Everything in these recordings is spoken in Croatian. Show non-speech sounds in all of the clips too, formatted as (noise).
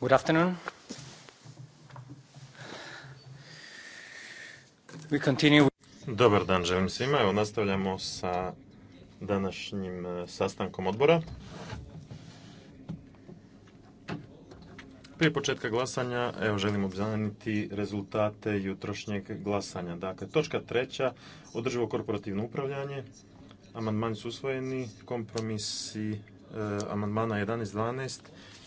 Good afternoon. We continue. Dobar dan želim svima. Evo nastavljamo sa današnjim e, sastankom odbora. Prije početka glasanja, evo želim obzaniti rezultate jutrošnjeg glasanja. Dakle, točka treća, održivo korporativno upravljanje. Amandmani su usvojeni, kompromisi amandmana e, amandmana 11, 12,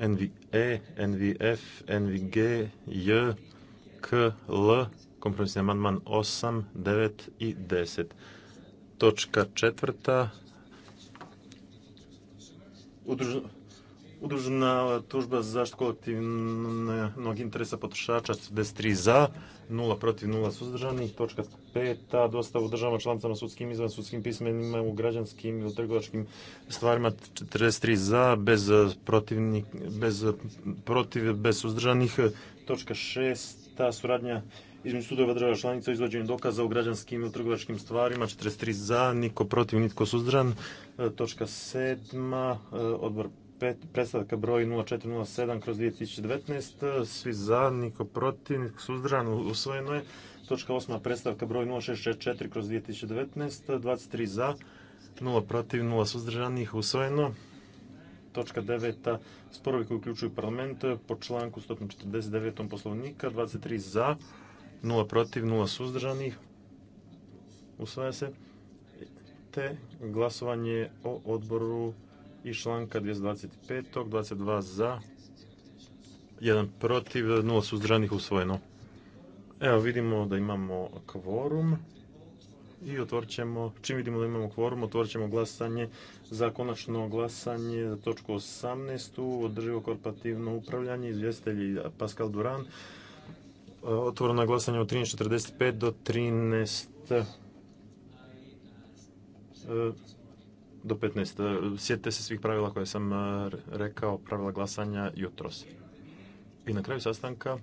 NVE, NVF, NVG, J, K, L, kompromisni amandman 8, 9 i 10. Točka četvrta, udružena, tužba za zaštitu kolektivnog interesa potrošača, 43 za, 0 protiv, 0 suzdržani. Točka peta dostava u državama na sudskim, izvan sudskim pismenima, u građanskim ili trgovačkim stvarima 43 za, bez eh, protivnik, bez eh, protiv, bez suzdržanih. Točka ta suradnja između sudova država članica o izvođenju dokaza u građanskim ili trgovačkim stvarima, 43 za, niko protiv, nitko suzdržan. Eh, točka 7 odbor pet, predstavka broj 0407 kroz 2019, svi za, niko protiv, nitko suzdržan, usvojeno je točka 8. predstavka broj 0664 kroz 2019, 23 za, 0 protiv, 0 suzdržanih, usvojeno. Točka 9. Sporovi koji uključuju parlament po članku 149. poslovnika, 23 za, 0 protiv, 0 suzdržanih, usvaja se. Te glasovanje o odboru i članka 225. 22 za, 1 protiv, 0 suzdržanih, usvojeno. Evo vidimo da imamo kvorum i otvorit ćemo, čim vidimo da imamo kvorum, otvorit ćemo glasanje za konačno glasanje za točku 18. održivo korporativno upravljanje, izvjestitelji Pascal Duran. Otvoreno glasanje od 13.45 do 13 e, do 15. E, sjetite se svih pravila koje sam e, rekao, pravila glasanja jutros. I na kraju sastanka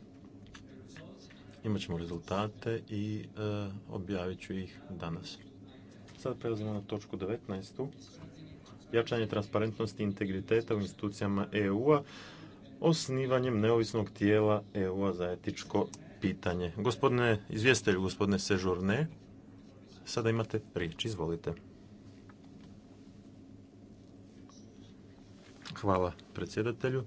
Imat ćemo rezultate i e, objavit ću ih danas. Sad prelazimo na točku 19. Jačanje transparentnosti i integriteta u institucijama EU-a osnivanjem neovisnog tijela EU-a za etičko pitanje. Gospodine izvjestelju, gospodine Sežurne, sada imate riječ, izvolite. Hvala predsjedatelju.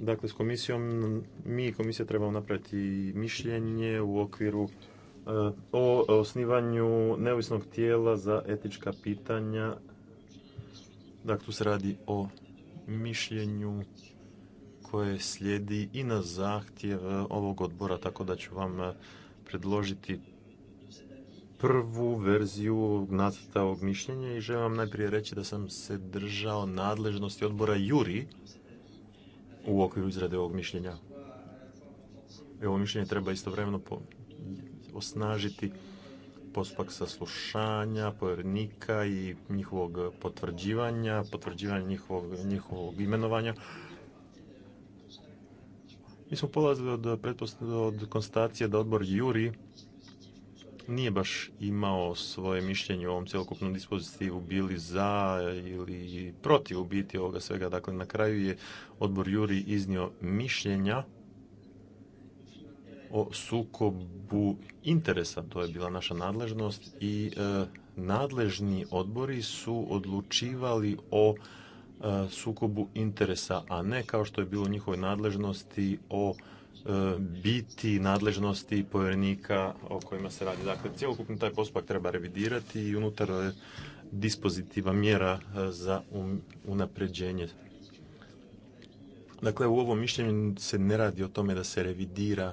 Dakle, s komisijom, mi komisija trebamo napraviti mišljenje u okviru eh, o osnivanju neovisnog tijela za etička pitanja. Dakle, tu se radi o mišljenju koje slijedi i na zahtjev eh, ovog odbora, tako da ću vam eh, predložiti prvu verziju nacrta ovog mišljenja i želim vam najprije reći da sam se držao nadležnosti odbora Juri u okviru izrade ovog mišljenja. I ovo mišljenje treba istovremeno osnažiti postupak saslušanja, povjernika i njihovog potvrđivanja, potvrđivanja njihovog, njihovog imenovanja. Mi smo polazili od, od konstatacije da odbor Juri nije baš imao svoje mišljenje u ovom cjelokupnom dispozitivu bili za ili protiv u biti ovoga svega. Dakle, na kraju je odbor Juri iznio mišljenja o sukobu interesa, to je bila naša nadležnost i e, nadležni odbori su odlučivali o e, sukobu interesa, a ne kao što je bilo u njihovoj nadležnosti o E, biti nadležnosti povjerenika o kojima se radi. Dakle, cijelokupno taj postupak treba revidirati i unutar e, dispozitiva mjera e, za um, unapređenje. Dakle, u ovom mišljenju se ne radi o tome da se revidira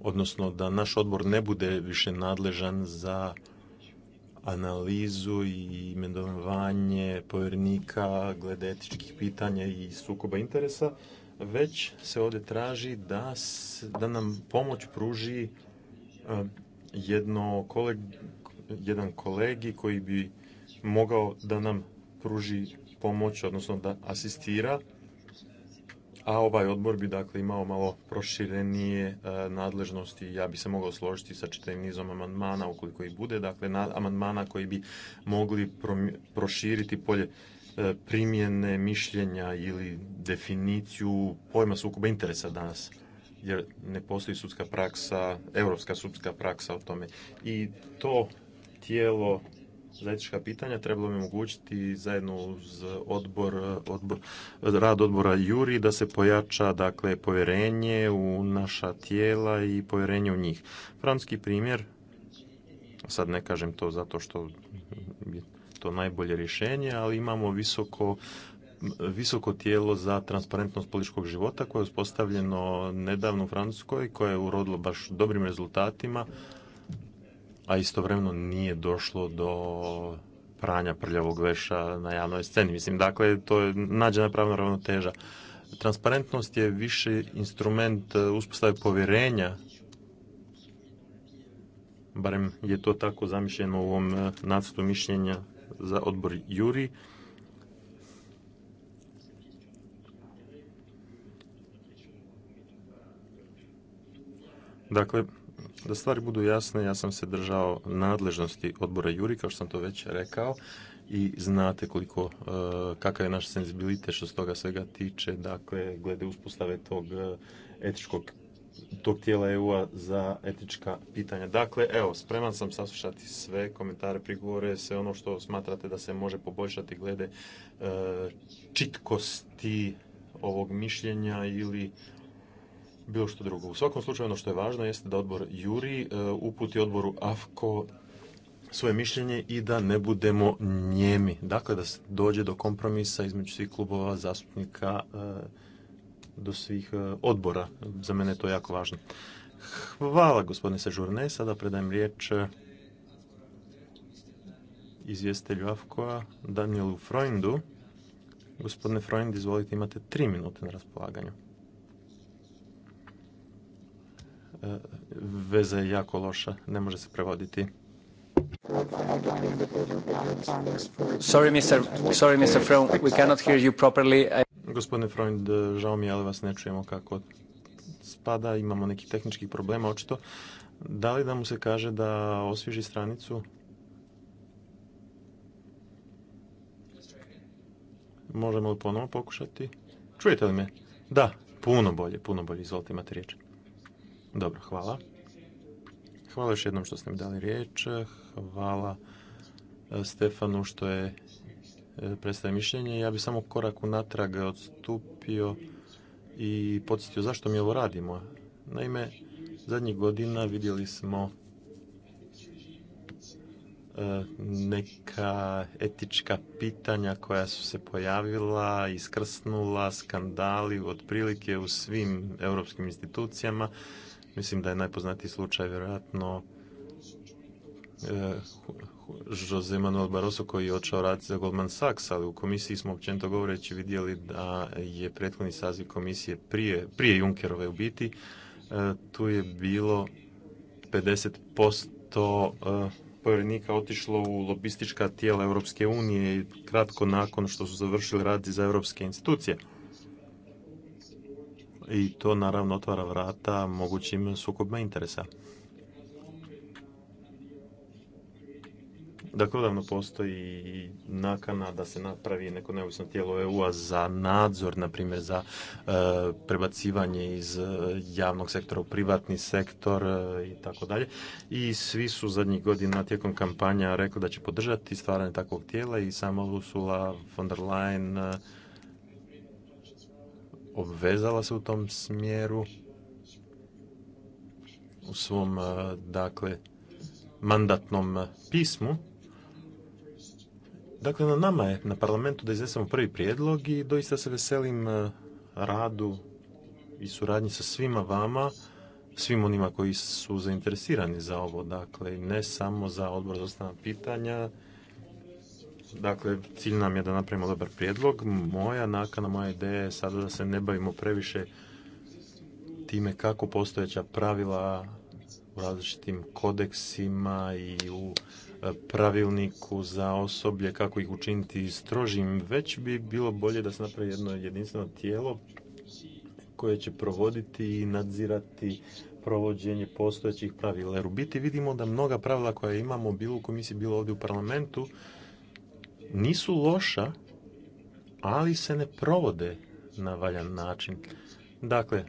odnosno da naš odbor ne bude više nadležan za analizu i imenovanje povjernika glede etičkih pitanja i sukoba interesa, već se ovdje traži da, da nam pomoć pruži e, jedno jedan kolegi koji bi mogao da nam pruži pomoć, odnosno da asistira a ovaj odbor bi dakle imao malo proširenije e, nadležnosti. Ja bi se mogao složiti sa čitavim nizom amandmana ukoliko i bude, dakle amandmana koji bi mogli proširiti polje e, primjene mišljenja ili definiciju pojma sukoba interesa danas jer ne postoji sudska praksa, europska sudska praksa o tome. I to tijelo Zajednička pitanja trebalo bi omogućiti zajedno uz odbor, odbor, rad odbora Juri da se pojača dakle povjerenje u naša tijela i povjerenje u njih. Francuski primjer, sad ne kažem to zato što je to najbolje rješenje, ali imamo visoko visoko tijelo za transparentnost političkog života koje je uspostavljeno nedavno u Francuskoj, koje je urodilo baš dobrim rezultatima, a istovremeno nije došlo do pranja prljavog veša na javnoj sceni. Mislim, dakle, to je nađena pravna ravnoteža. Transparentnost je više instrument e, uspostave povjerenja, barem je to tako zamišljeno u ovom e, nacrtu mišljenja za odbor Juri. Dakle, da stvari budu jasne, ja sam se držao nadležnosti odbora Juri, kao što sam to već rekao, i znate koliko, e, kakav je naš senzibilite što se toga svega tiče, dakle, glede uspostave tog e, etičkog tog tijela EU-a za etička pitanja. Dakle, evo, spreman sam saslušati sve komentare, prigovore, sve ono što smatrate da se može poboljšati glede e, čitkosti ovog mišljenja ili bilo što drugo. U svakom slučaju ono što je važno jeste da odbor Juri e, uputi odboru AFKO svoje mišljenje i da ne budemo njemi. Dakle, da se dođe do kompromisa između svih klubova zastupnika e, do svih e, odbora. Za mene je to jako važno. Hvala gospodine Sežurne. Sada predajem riječ izvjestelju a Danielu Freundu. Gospodine Freund, izvolite, imate tri minute na raspolaganju. veza je jako loša, ne može se prevoditi. Sorry, Mr. Freund, we cannot hear you properly. Gospodine Freund, žao mi je, ali vas ne čujemo kako spada, imamo nekih tehničkih problema, očito. Da li da mu se kaže da osvježi stranicu? Možemo li ponovno pokušati? Čujete li me? Da, puno bolje, puno bolje, izvolite imate riječ. Dobro, hvala. Hvala još jednom što ste mi dali riječ. Hvala e, Stefanu što je e, predstavio mišljenje. Ja bih samo korak unatrag odstupio i podsjetio zašto mi ovo radimo. Naime, zadnjih godina vidjeli smo e, neka etička pitanja koja su se pojavila, iskrsnula, skandali otprilike u svim europskim institucijama Mislim da je najpoznatiji slučaj vjerojatno e, Jose Manuel Barroso koji je očao rad za Goldman Sachs, ali u komisiji smo općenito govoreći vidjeli da je prethodni saziv komisije prije, prije Junkerove u biti, e, tu je bilo 50% e, povjerenika otišlo u lobistička tijela Europske unije kratko nakon što su završili radi za europske institucije i to naravno otvara vrata mogućim sukobima interesa. Dakle, odavno postoji nakana da se napravi neko neovisno tijelo EU-a za nadzor, na primjer za e, prebacivanje iz e, javnog sektora u privatni sektor e, i tako dalje. I svi su zadnjih godina tijekom kampanja rekli da će podržati stvaranje takvog tijela i samo Ursula von der Leyen obvezala se u tom smjeru u svom eh, dakle mandatnom eh, pismu. Dakle, na nama je na parlamentu da iznesemo prvi prijedlog i doista se veselim eh, radu i suradnji sa svima vama, svim onima koji su zainteresirani za ovo, dakle, ne samo za odbor za ostana pitanja, Dakle, cilj nam je da napravimo dobar prijedlog. Moja nakana, moja ideja je sada da se ne bavimo previše time kako postojeća pravila u različitim kodeksima i u e, pravilniku za osoblje, kako ih učiniti strožim, već bi bilo bolje da se napravi jedno jedinstveno tijelo koje će provoditi i nadzirati provođenje postojećih pravila. Jer u biti vidimo da mnoga pravila koja imamo bilo u komisiji, bilo ovdje u parlamentu, nisu loša, ali se ne provode na valjan način. Dakle,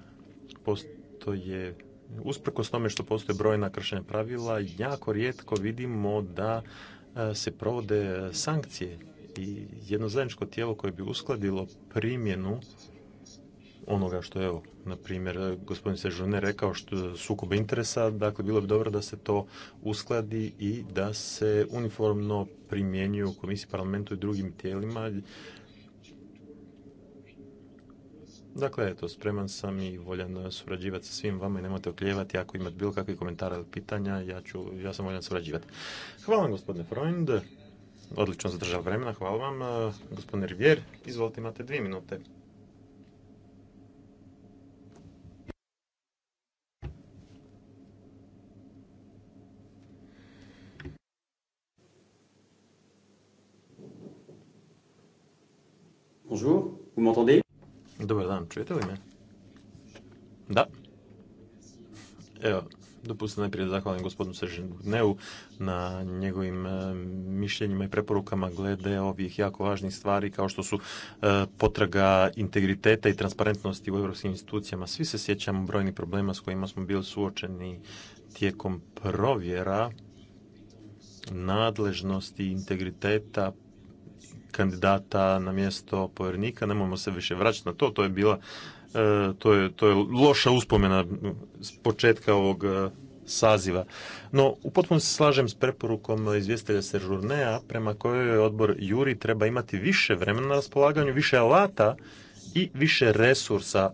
postoje usprkos tome što postoje brojna kršenja pravila, jako rijetko vidimo da e, se provode sankcije i jedno zajedničko tijelo koje bi uskladilo primjenu onoga što je, evo, na primjer, e, gospodin Sežone rekao što sukoba interesa, dakle, bilo bi dobro da se to uskladi i da se uniformno primjenjuje u komisiji, parlamentu i drugim tijelima. Dakle, eto, spreman sam i voljan surađivati sa svim vama i nemojte okljevati ako imate bilo kakvih komentara ili pitanja, ja, ću, ja sam voljan surađivati. Hvala vam, gospodine Freund. Odlično zadržao vremena, hvala vam. E, gospodine Rivier, izvolite, imate dvije minute. Čujete li me? Da. Evo, dopustite najprije da zahvalim gospodinu Sržinu na njegovim e, mišljenjima i preporukama glede ovih jako važnih stvari kao što su e, potraga integriteta i transparentnosti u europskim institucijama. Svi se sjećamo brojnih problema s kojima smo bili suočeni tijekom provjera nadležnosti, integriteta, kandidata na mjesto povjernika. Nemojmo se više vraćati na to. To je bila e, to je, to je loša uspomena s početka ovog e, saziva. No, u potpunosti se slažem s preporukom izvjestitelja Seržurnea prema kojoj odbor Juri treba imati više vremena na raspolaganju, više alata i više resursa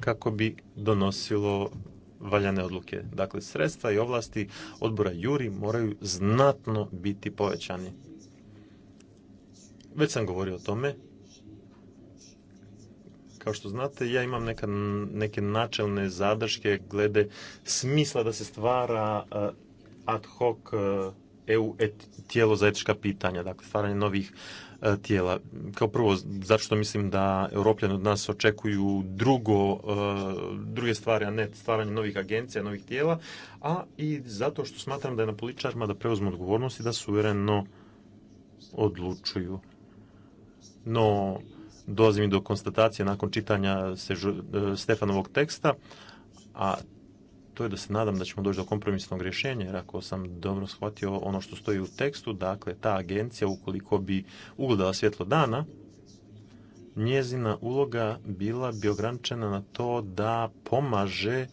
kako bi donosilo valjane odluke. Dakle, sredstva i ovlasti odbora Juri moraju znatno biti povećani. Već sam govorio o tome. Kao što znate, ja imam neke načelne zadrške glede smisla da se stvara eh, ad hoc eh, EU tijelo za etička pitanja, dakle stvaranje novih eh, tijela. Kao prvo, zašto mislim da europljani od nas očekuju drugo, druge stvari, a ne stvaranje novih agencija, novih tijela, a i zato što smatram da je na političarima da preuzmu odgovornost i da suvereno odlučuju no dolazim do konstatacije nakon čitanja e, Stefanovog teksta, a to je da se nadam da ćemo doći do kompromisnog rješenja, jer ako sam dobro shvatio ono što stoji u tekstu, dakle, ta agencija, ukoliko bi ugledala svjetlo dana, njezina uloga bila bi ograničena na to da pomaže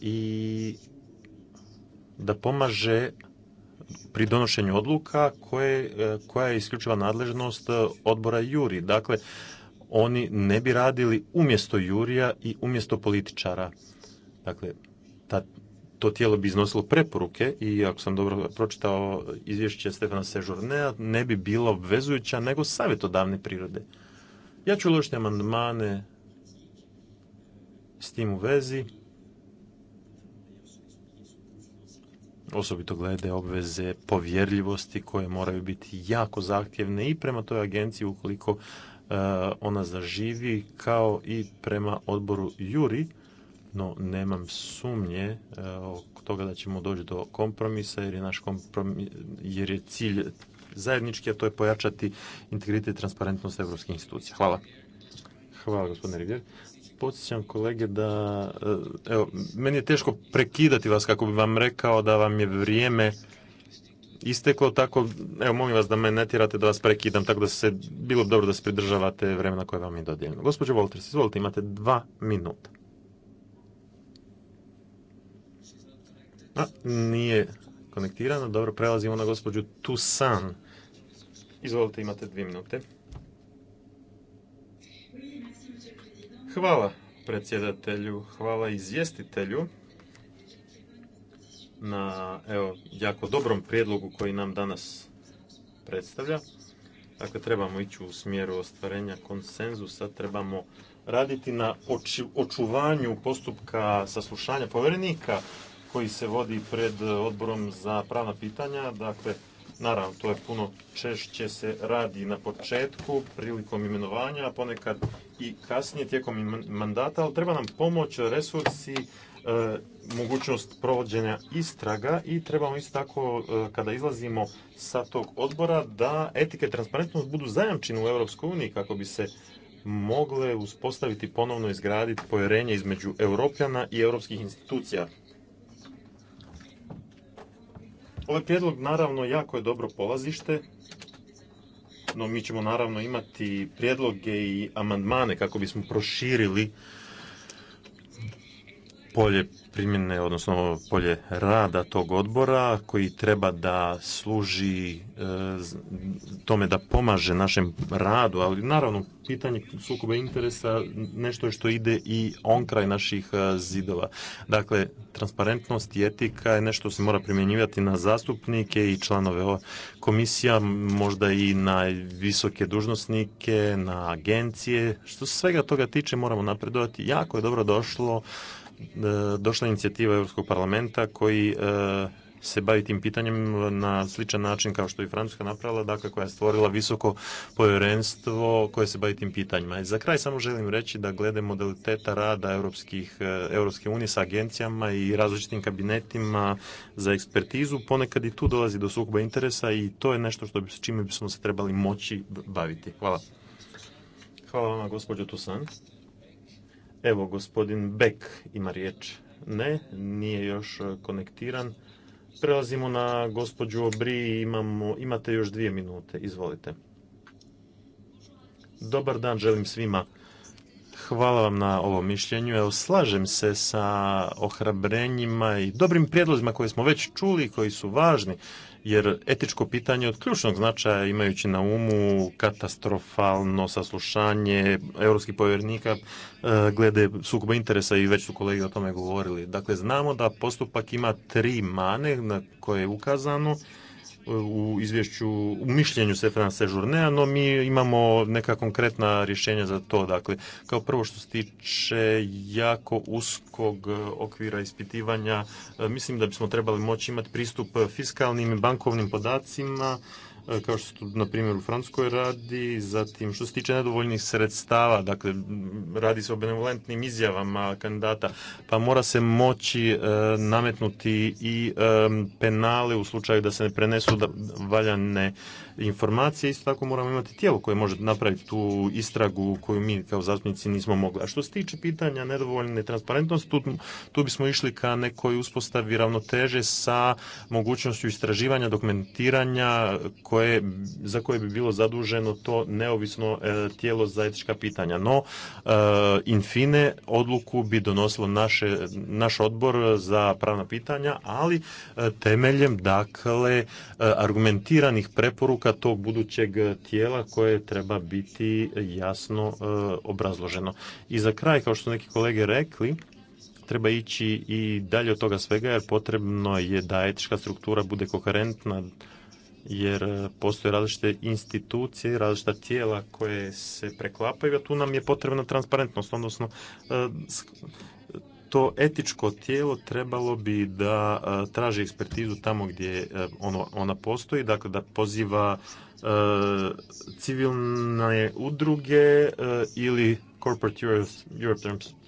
i da pomaže pri donošenju odluka koje, e, koja je isključiva nadležnost e, odbora Juri. Dakle, oni ne bi radili umjesto Jurija i umjesto političara. Dakle, to tijelo bi iznosilo preporuke i ako sam dobro pročitao izvješće Stefana Sežurnea, ne bi bilo obvezujuća nego savjetodavne prirode. Ja ću uložiti amandmane s tim u vezi. osobito glede obveze povjerljivosti koje moraju biti jako zahtjevne i prema toj agenciji ukoliko e, ona zaživi kao i prema odboru Juri, no nemam sumnje e, oko toga da ćemo doći do kompromisa jer je naš kompromis, jer je cilj zajednički, a to je pojačati integritet i transparentnost europskih institucija. Hvala. Hvala gospodine Rivjer podsjećam kolege da, e, evo, meni je teško prekidati vas kako bi vam rekao da vam je vrijeme isteklo, tako, evo, molim vas da me ne tirate da vas prekidam, tako da se, bilo dobro da se pridržavate vremena koje vam je dodijeljeno. Gospođo Volters, izvolite, imate dva minuta. A, nije konektirano, dobro, prelazimo na gospođu Tusan. Izvolite, imate dvije minute. Hvala predsjedatelju, hvala izvjestitelju na evo, jako dobrom prijedlogu koji nam danas predstavlja. Dakle, trebamo ići u smjeru ostvarenja konsenzusa, trebamo raditi na očuvanju postupka saslušanja povjerenika koji se vodi pred odborom za pravna pitanja. Dakle, Naravno, to je puno češće se radi na početku, prilikom imenovanja, a ponekad i kasnije tijekom mandata, ali treba nam pomoć, resursi, e, mogućnost provođenja istraga i trebamo isto tako e, kada izlazimo sa tog odbora da etike transparentnost budu zajamčene u EU kako bi se mogle uspostaviti ponovno izgraditi povjerenje između europljana i europskih institucija. Ovaj prijedlog naravno jako je dobro polazište, no mi ćemo naravno imati prijedloge i amandmane kako bismo proširili polje primjene, odnosno polje rada tog odbora koji treba da služi e, tome da pomaže našem radu, ali naravno pitanje sukoba interesa nešto je što ide i on kraj naših e, zidova. Dakle, transparentnost i etika je nešto se mora primjenjivati na zastupnike i članove komisija, možda i na visoke dužnosnike, na agencije. Što se svega toga tiče moramo napredovati. Jako je dobro došlo E, došla inicijativa Europskog parlamenta koji e, se bavi tim pitanjem na sličan način kao što je i Francuska napravila, dakle koja je stvorila visoko povjerenstvo koje se bavi tim pitanjima. I za kraj samo želim reći da glede modaliteta rada Europskih, e, Europske unije sa agencijama i različitim kabinetima za ekspertizu, ponekad i tu dolazi do sukoba interesa i to je nešto što bi, s čime bismo se trebali moći baviti. Hvala. Hvala vama, gospođo Tusan. Evo, gospodin Beck ima riječ. Ne, nije još e, konektiran. Prelazimo na gospođu Obri, imamo, imate još dvije minute, izvolite. Dobar dan želim svima. Hvala vam na ovom mišljenju. Evo, slažem se sa ohrabrenjima i dobrim prijedlozima koje smo već čuli, i koji su važni jer etičko pitanje od ključnog značaja imajući na umu katastrofalno saslušanje europskih povjernika e, glede sukoba interesa i već su kolege o tome govorili. Dakle, znamo da postupak ima tri mane na koje je ukazano u izvješću, u mišljenju Stefana Sežurnea, no mi imamo neka konkretna rješenja za to. Dakle, kao prvo što se tiče jako uskog okvira ispitivanja, e, mislim da bismo trebali moći imati pristup fiskalnim i bankovnim podacima E, kao što se na primjer u Francuskoj radi, zatim što se tiče nedovoljnih sredstava, dakle radi se o benevolentnim izjavama kandidata, pa mora se moći e, nametnuti i e, penale u slučaju da se ne prenesu valjane informacije, isto tako moramo imati tijelo koje može napraviti tu istragu koju mi kao zastupnici nismo mogli. A što se tiče pitanja nedovoljne transparentnosti, tu, bismo išli ka nekoj uspostavi ravnoteže sa mogućnošću istraživanja, dokumentiranja, koje, za koje bi bilo zaduženo to neovisno e, tijelo za etička pitanja. No, e, infine odluku bi donosilo naše, naš odbor za pravna pitanja, ali e, temeljem dakle argumentiranih preporuka tog budućeg tijela koje treba biti jasno obrazloženo. I za kraj, kao što su neki kolege rekli, treba ići i dalje od toga svega jer potrebno je da etička struktura bude koherentna jer e, postoje različite institucije, različita tijela koje se preklapaju, a tu nam je potrebna transparentnost, odnosno e, to etičko tijelo trebalo bi da e, traži ekspertizu tamo gdje ono, ona postoji, dakle da poziva civilne udruge ili Corporate Europe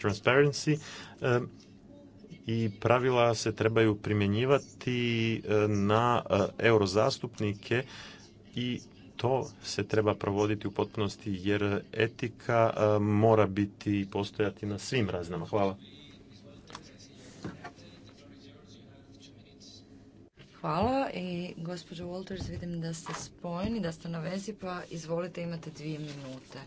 Transparency i pravila se trebaju primjenjivati e, na e, eurozastupnike i to se treba provoditi u potpunosti jer etika e, mora biti i postojati na svim razinama. Hvala. Hvala i gospođo Walters vidim da ste spojeni, da ste na vezi pa izvolite imate dvije minute.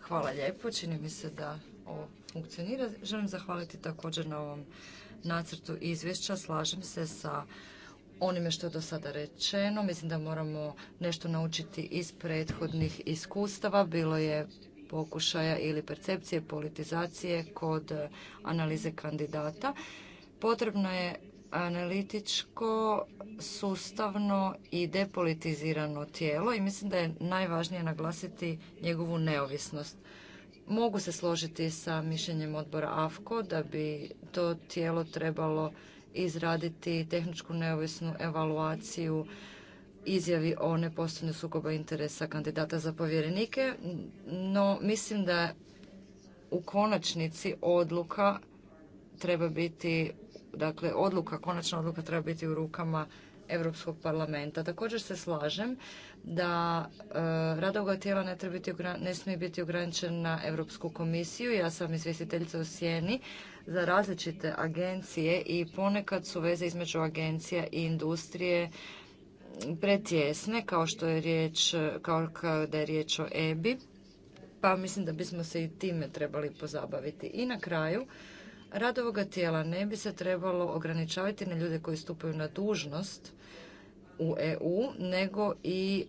Hvala lijepo, čini mi se da ovo funkcionira. Želim zahvaliti također na ovom nacrtu izvješća. Slažem se sa onime što je do sada rečeno. Mislim da moramo nešto naučiti iz prethodnih iskustava. Bilo je pokušaja ili percepcije politizacije kod analize kandidata. Potrebno je analitičko, sustavno i depolitizirano tijelo i mislim da je najvažnije naglasiti njegovu neovisnost. Mogu se složiti sa mišljenjem odbora AFKO da bi to tijelo trebalo izraditi tehničku neovisnu evaluaciju izjavi o nepostojanju sukoba interesa kandidata za povjerenike, no mislim da u konačnici odluka treba biti, dakle odluka, konačna odluka treba biti u rukama Europskog parlamenta. Također se slažem da e, rad ovoga tijela ne, smije biti ograničen na Europsku komisiju. Ja sam izvjestiteljica u Sjeni za različite agencije i ponekad su veze između agencija i industrije pretjesne kao što je riječ, kao da je riječ o EBI, pa mislim da bismo se i time trebali pozabaviti. I na kraju, Rad ovoga tijela ne bi se trebalo ograničavati na ljude koji stupaju na dužnost u EU, nego i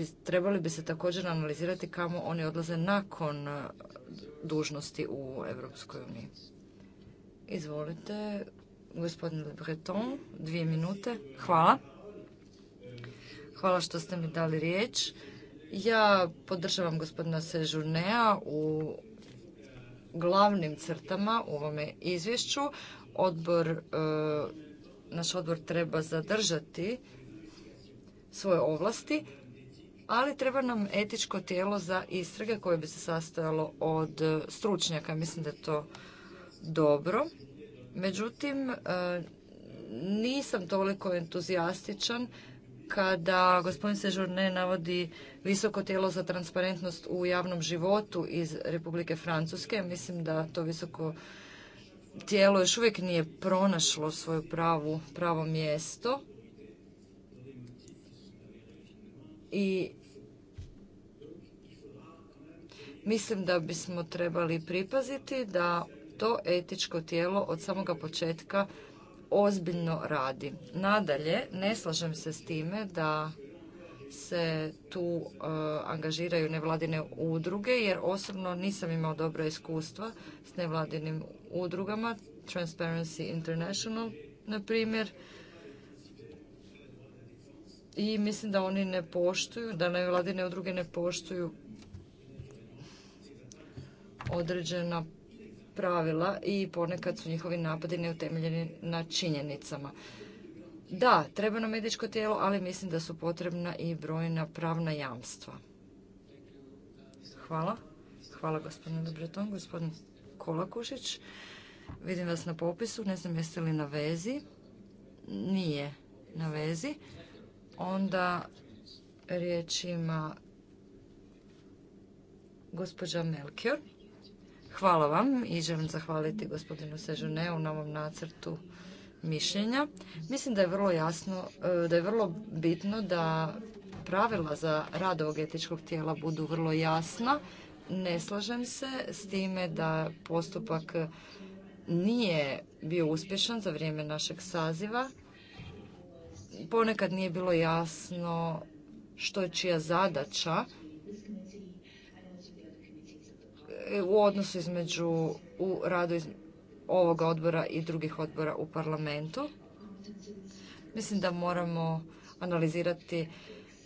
e, trebali bi se također analizirati kamo oni odlaze nakon e, dužnosti u Europskoj uniji. Izvolite, gospodine Le Breton, dvije minute. Hvala. Hvala što ste mi dali riječ. Ja podržavam gospodina Sežurnea u glavnim crtama u ovome izvješću. Odbor, e, naš odbor treba zadržati svoje ovlasti, ali treba nam etičko tijelo za istrage koje bi se sastojalo od stručnjaka. Mislim da je to dobro. Međutim, e, nisam toliko entuzijastičan kada gospodin Sežurne navodi visoko tijelo za transparentnost u javnom životu iz Republike Francuske. Mislim da to visoko tijelo još uvijek nije pronašlo svoju pravu, pravo mjesto. I mislim da bismo trebali pripaziti da to etičko tijelo od samoga početka ozbiljno radi. Nadalje, ne slažem se s time da se tu e, angažiraju nevladine udruge jer osobno nisam imao dobro iskustva s nevladinim udrugama, Transparency International na primjer. I mislim da oni ne poštuju, da nevladine udruge ne poštuju određena pravila i ponekad su njihovi napadi neutemeljeni na činjenicama. Da, treba nam medičko tijelo, ali mislim da su potrebna i brojna pravna jamstva. Hvala. Hvala gospodine Dobreton, gospodin Kolakušić. Vidim vas na popisu, ne znam jeste li na vezi. Nije na vezi. Onda riječ ima gospođa Melkior. Hvala vam i želim zahvaliti gospodinu Sežuneu na ovom nacrtu mišljenja. Mislim da je vrlo jasno, e, da je vrlo bitno da pravila za rad ovog etičkog tijela budu vrlo jasna. Ne slažem se s time da postupak nije bio uspješan za vrijeme našeg saziva. Ponekad nije bilo jasno što je čija zadaća u odnosu između u radu ovoga odbora i drugih odbora u parlamentu. Mislim da moramo analizirati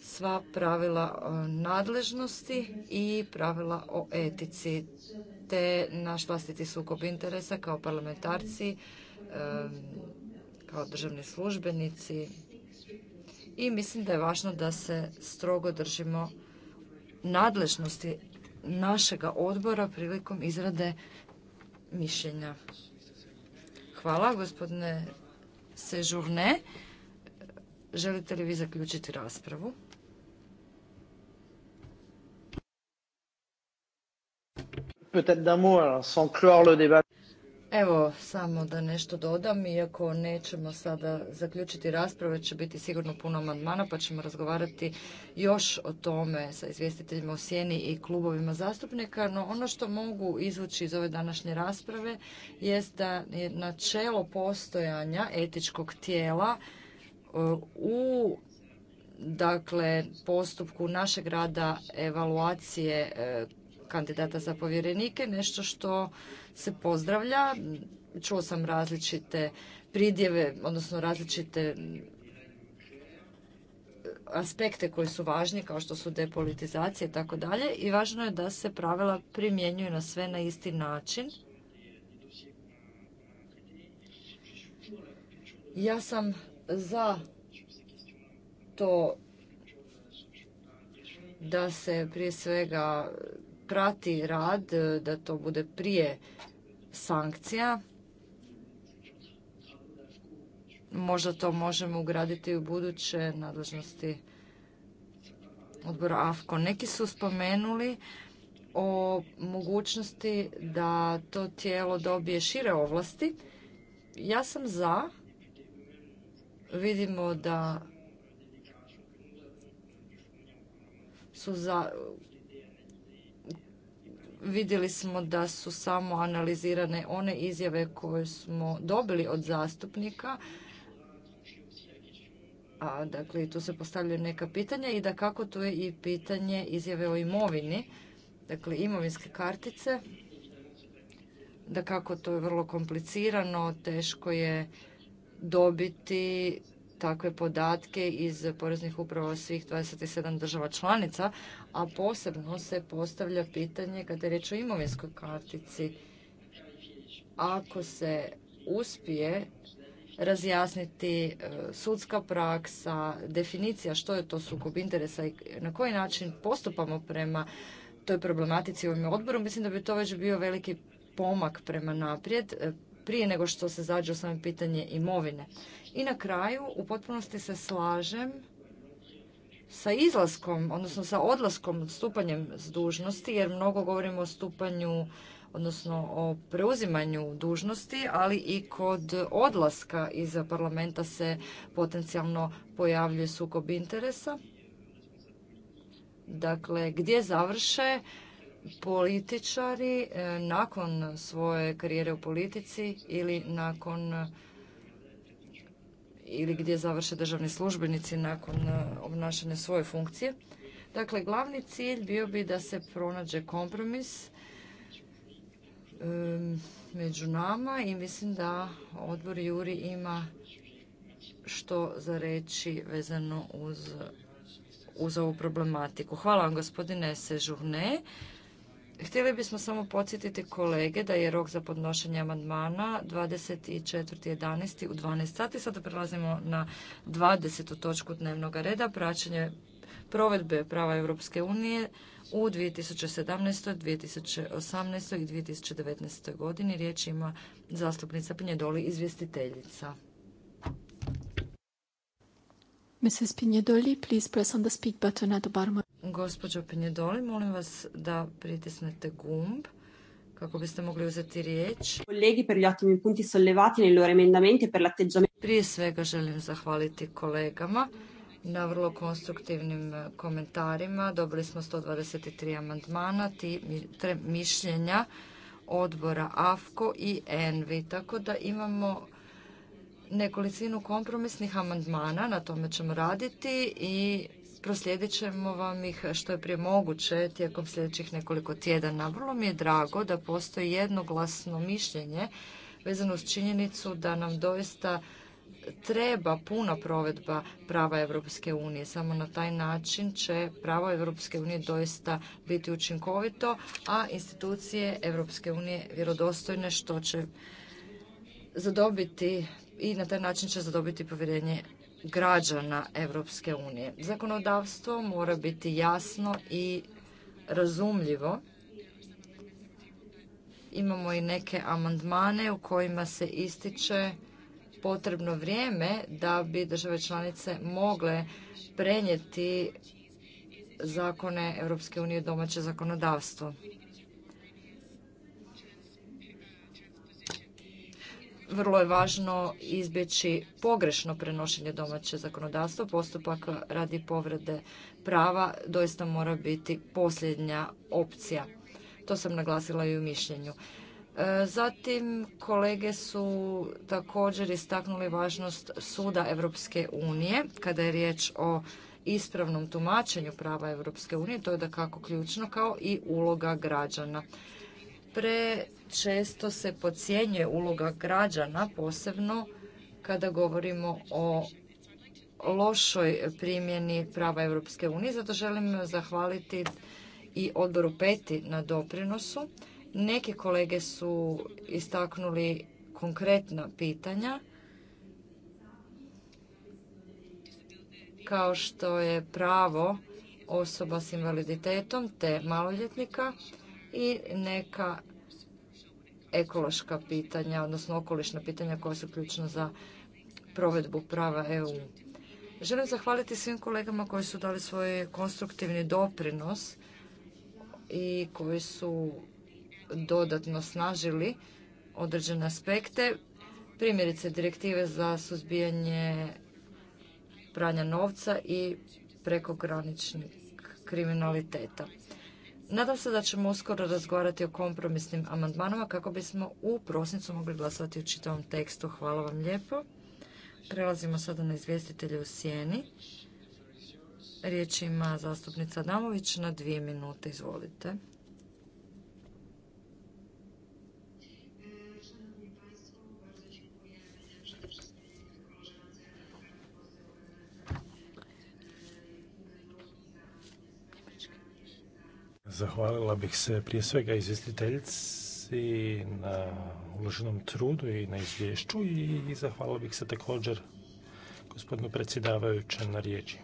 sva pravila e, nadležnosti i pravila o etici, te naš vlastiti sukob interesa kao parlamentarci, e, kao državni službenici. I mislim da je važno da se strogo držimo nadležnosti našega odbora prilikom izrade mišljenja. Hvala, gospodine Sežurne. Želite li vi zaključiti raspravu? Peut-être d'un mot, sans clore le Evo, samo da nešto dodam, iako nećemo sada zaključiti rasprave, će biti sigurno puno amandmana, pa ćemo razgovarati još o tome sa izvjestiteljima u Sjeni i klubovima zastupnika, no ono što mogu izvući iz ove današnje rasprave jest da je načelo postojanja etičkog tijela e, u dakle postupku našeg rada evaluacije e, kandidata za povjerenike, nešto što se pozdravlja. Čuo sam različite pridjeve, odnosno različite mm, aspekte koji su važni kao što su depolitizacije i tako dalje i važno je da se pravila primjenjuju na sve na isti način. Ja sam za to da se prije svega prati rad, e, da to bude prije sankcija. Možda to možemo ugraditi u buduće nadležnosti odbora AFKO. Neki su spomenuli o mogućnosti da to tijelo dobije šire ovlasti. Ja sam za. Vidimo da su za, vidjeli smo da su samo analizirane one izjave koje smo dobili od zastupnika, a dakle tu se postavljaju neka pitanja i da kako tu je i pitanje izjave o imovini, dakle imovinske kartice, da kako to je vrlo komplicirano, teško je dobiti takve podatke iz poreznih uprava svih 27 država članica, a posebno se postavlja pitanje kada je riječ o imovinskoj kartici. Ako se uspije razjasniti e, sudska praksa, definicija što je to sukob interesa i na koji način postupamo prema toj problematici ovim odborom, mislim da bi to već bio veliki pomak prema naprijed e, prije nego što se zađe u samo pitanje imovine. I na kraju u potpunosti se slažem sa izlaskom, odnosno sa odlaskom, stupanjem s dužnosti, jer mnogo govorimo o stupanju, odnosno o preuzimanju dužnosti, ali i kod odlaska iz parlamenta se potencijalno pojavljuje sukob interesa. Dakle, gdje završe političari eh, nakon svoje karijere u politici ili nakon ili gdje završe državni službenici nakon e, obnašanja svoje funkcije. Dakle, glavni cilj bio bi da se pronađe kompromis među nama i mislim da odbor Juri ima što za reći vezano uz, uz ovu problematiku. Hvala vam gospodine Sežurne. Htjeli bismo samo podsjetiti kolege da je rok za podnošenje amandmana 24.11. u 12 sati. Sada prelazimo na 20. točku dnevnog reda, praćenje provedbe prava Europske unije u 2017., 2018. i 2019. godini. Riječ ima zastupnica Pinjedoli, izvjestiteljica. Mrs. Pinjedoli, please press on the speak button at the Gospođo Pinjedoli, molim vas da pritisnete gumb kako biste mogli uzeti riječ. Kolegi sollevati emendamenti e Prije svega želim zahvaliti kolegama na vrlo konstruktivnim eh, komentarima. Dobili smo 123 amandmana, ti mišljenja odbora AFKO i ENVI, tako da imamo nekolicinu kompromisnih amandmana, na tome ćemo raditi i proslijedit ćemo vam ih što je prije moguće tijekom sljedećih nekoliko tjedana. Vrlo mi je drago da postoji jednoglasno mišljenje vezano uz činjenicu da nam doista treba puna provedba prava Europske unije. Samo na taj način će pravo Europske unije doista biti učinkovito, a institucije Europske unije vjerodostojne što će zadobiti i na taj način će zadobiti povjerenje građana Europske unije. Zakonodavstvo mora biti jasno i razumljivo. Imamo i neke amandmane u kojima se ističe potrebno vrijeme da bi države članice mogle prenijeti zakone Europske unije domaće zakonodavstvo. vrlo je važno izbjeći pogrešno prenošenje domaće zakonodavstva. Postupak radi povrede prava doista mora biti posljednja opcija. To sam naglasila i u mišljenju. E, zatim kolege su također istaknuli važnost suda Europske unije kada je riječ o ispravnom tumačenju prava Europske unije. To je da kako ključno kao i uloga građana. Prečesto se podcjenjuje uloga građana, posebno kada govorimo o lošoj primjeni prava Europske unije. Zato želim zahvaliti i odboru peti na doprinosu. Neki kolege su istaknuli konkretna pitanja kao što je pravo osoba s invaliditetom te maloljetnika i neka ekološka pitanja, odnosno okolišna pitanja koja su ključna za provedbu prava EU. Želim zahvaliti svim kolegama koji su dali svoj konstruktivni doprinos i koji su dodatno snažili određene aspekte, primjerice direktive za suzbijanje pranja novca i prekograničnih kriminaliteta. Nadam se da ćemo uskoro razgovarati o kompromisnim amandmanama kako bismo u prosincu mogli glasovati u čitavom tekstu. Hvala vam lijepo. Prelazimo sada na izvjestitelje u sjeni. Riječ ima zastupnica Damović na dvije minute. Izvolite. Zahvalila bih se prije svega izvjestiteljici na uloženom trudu i na izvješću i zahvalila bih se također gospodinu predsjedavajućem na riječi.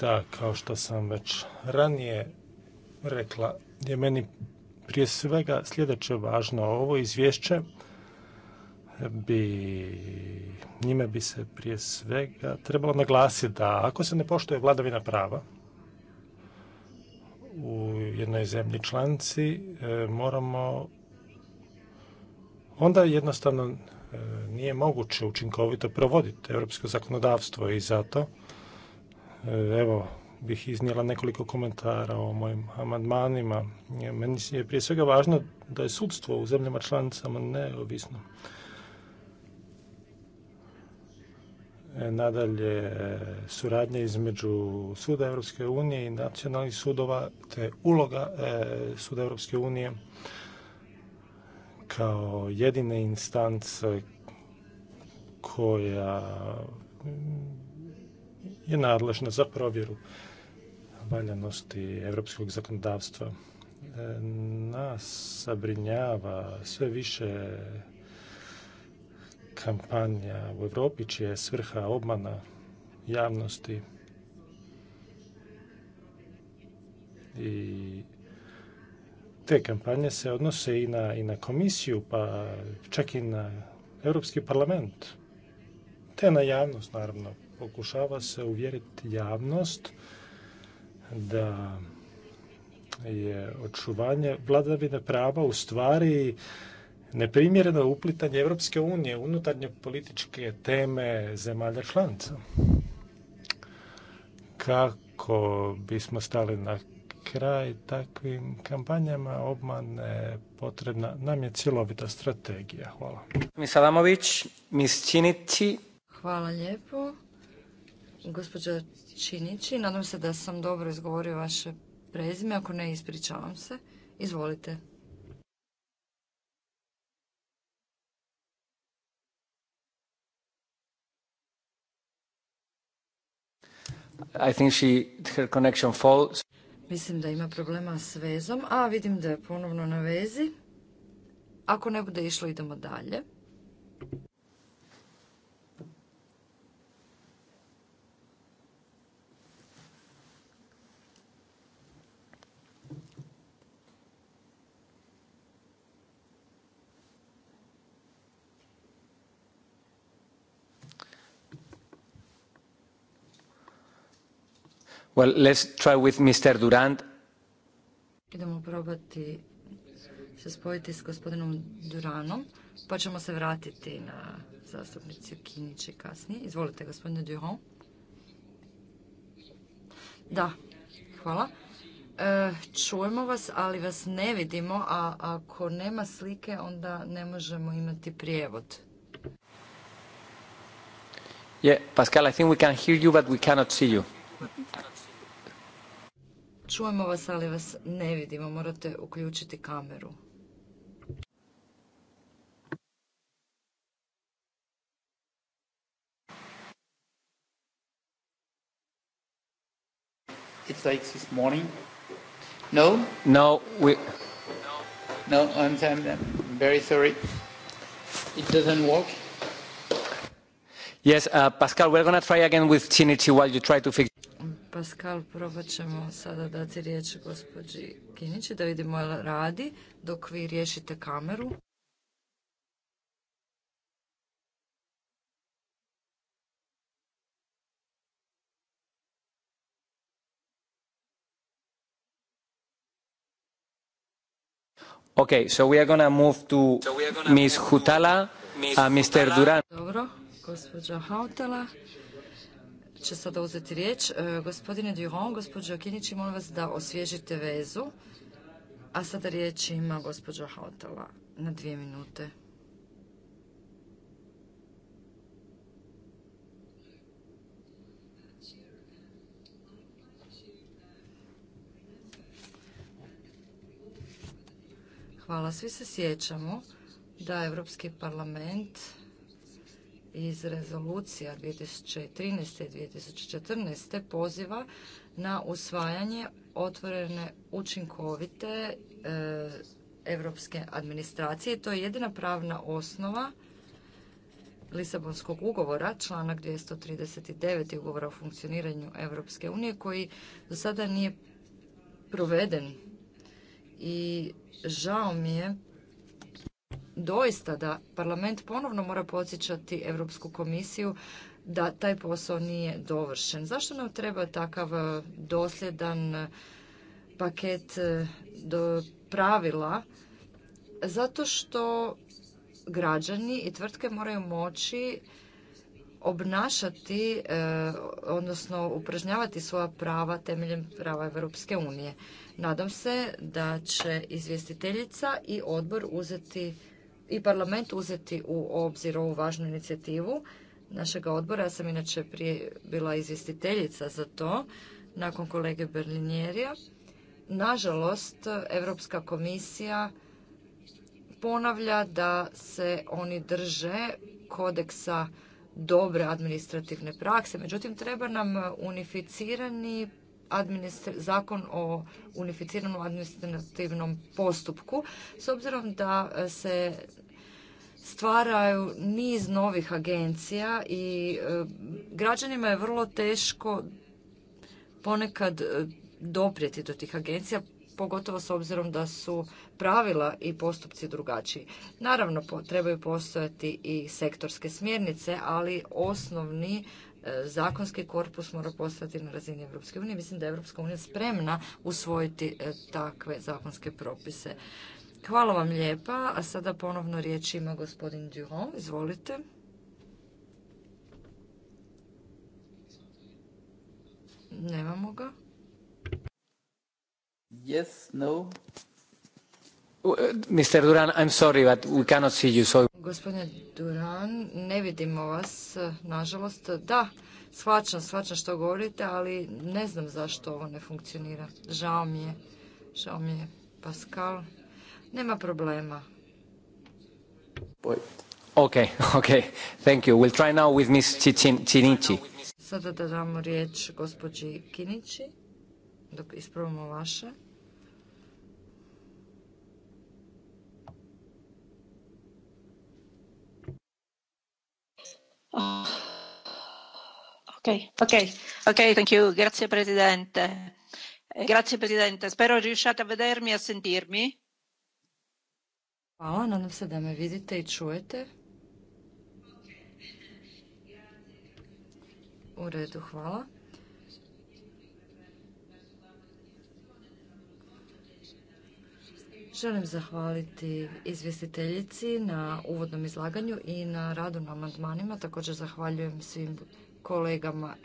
Da, kao što sam već ranije rekla, je meni prije svega sljedeće važno ovo izvješće bi njime bi se prije svega trebalo naglasiti da ako se ne poštuje vladavina prava, u jednoj zemlji članci e, moramo onda jednostavno e, nije moguće učinkovito provoditi europsko zakonodavstvo i zato e, evo bih iznijela nekoliko komentara o mojim amandmanima. Meni je prije svega važno da je sudstvo u zemljama članicama neovisno. nadalje e, suradnje između Suda Europske unije i nacionalnih sudova, te uloga e, Suda Europske unije kao jedine instance koja je nadležna za provjeru valjanosti europskog zakonodavstva. E, nas zabrinjava sve više kampanja u Europi čija je svrha obmana javnosti i te kampanje se odnose i na, i na komisiju, pa čak i na Europski parlament, te na javnost, naravno. Pokušava se uvjeriti javnost da je očuvanje vladavine prava u stvari neprimjereno uplitanje Europske unije unutarnje političke teme zemalja članica. Kako bismo stali na kraj takvim kampanjama obmane potrebna nam je cjelovita strategija. Hvala. Mis Adamović, mis Hvala lijepo. Gospođa Činići, nadam se da sam dobro izgovorio vaše prezime, ako ne ispričavam se. Izvolite. I think she, her connection falls. Mislim da ima problema s vezom, a vidim da je ponovno na vezi. Ako ne bude išlo, idemo dalje. Well, let's try with Mr. Durand. Idemo probati se spojiti s gospodinom Duranom, pa ćemo se vratiti na zastupnicu Kinići kasnije. Izvolite, gospodine Durand. Da, hvala. E, čujemo vas, ali vas ne vidimo, a ako nema slike, onda ne možemo imati prijevod. Yeah, Pascal, I think we can hear you, but we cannot see you. Čujemo vas, ali vas ne vidimo. Morate uključiti kameru. It's like this morning. No? No, we... No, I'm, I'm very sorry. It doesn't work. Yes, uh, Pascal, we're going to try again with Chinichi while you try to fix Pascal, probat ćemo sada dati riječ gospođi Kinići da vidimo jel radi dok vi riješite kameru. Ok, so we are gonna move to Miss Hutala, uh, Mr. Duran. Dobro, gospođa Hautala će sada uzeti riječ. E, gospodine Duron, gospođo Kinići, molim vas da osvježite vezu. A sada riječ ima gospođa Hautala na dvije minute. Hvala. Svi se sjećamo da Europski parlament iz rezolucija 2013. i 2014. poziva na usvajanje otvorene učinkovite europske administracije. To je jedina pravna osnova Lisabonskog ugovora, članak 239. ugovora o funkcioniranju Europske unije koji do sada nije proveden i žao mi je doista da parlament ponovno mora podsjećati Europsku komisiju da taj posao nije dovršen. Zašto nam treba takav e, dosljedan e, paket e, do pravila? Zato što građani i tvrtke moraju moći obnašati, odnosno upražnjavati svoja prava temeljem prava Europske unije. Nadam se da će izvjestiteljica i odbor uzeti i parlament uzeti u obzir ovu važnu inicijativu našega odbora. Ja sam inače prije bila izvjestiteljica za to, nakon kolege Berlinjerija. Nažalost, Europska komisija ponavlja da se oni drže kodeksa dobre administrativne prakse. Međutim, treba nam unificirani zakon o unificiranom administrativnom postupku s obzirom da e, se stvaraju niz novih agencija i e, građanima je vrlo teško ponekad e, doprijeti do tih agencija, pogotovo s obzirom da su pravila i postupci drugačiji. Naravno, trebaju postojati i sektorske smjernice, ali osnovni E, zakonski korpus mora postati na razini Europske unije. Mislim da je Europska unija spremna usvojiti e, takve zakonske propise. Hvala vam lijepa, a sada ponovno riječ ima gospodin Duhon. Izvolite. Nemamo ga. Yes, no. Mr. Duran, Gospodine Duran, ne vidimo vas, nažalost. Da, shvaćam, shvaćam što govorite, ali ne znam zašto ovo ne funkcionira. Žao mi je, žao mi je, Pascal. Nema problema. Ok, ok, thank you. We'll try now with Sada da damo riječ gospođi Kinići, dok ispravimo vaše. Oh. Ok, ok, ok, thank you. Grazie Presidente. Eh, grazie Presidente, spero riusciate a vedermi e a sentirmi. Hvala, nadam se da me vidite i čujete. U redu, hvala. Želim zahvaliti izvjestiteljici na uvodnom izlaganju i na radu na amandmanima. Također zahvaljujem svim kolegama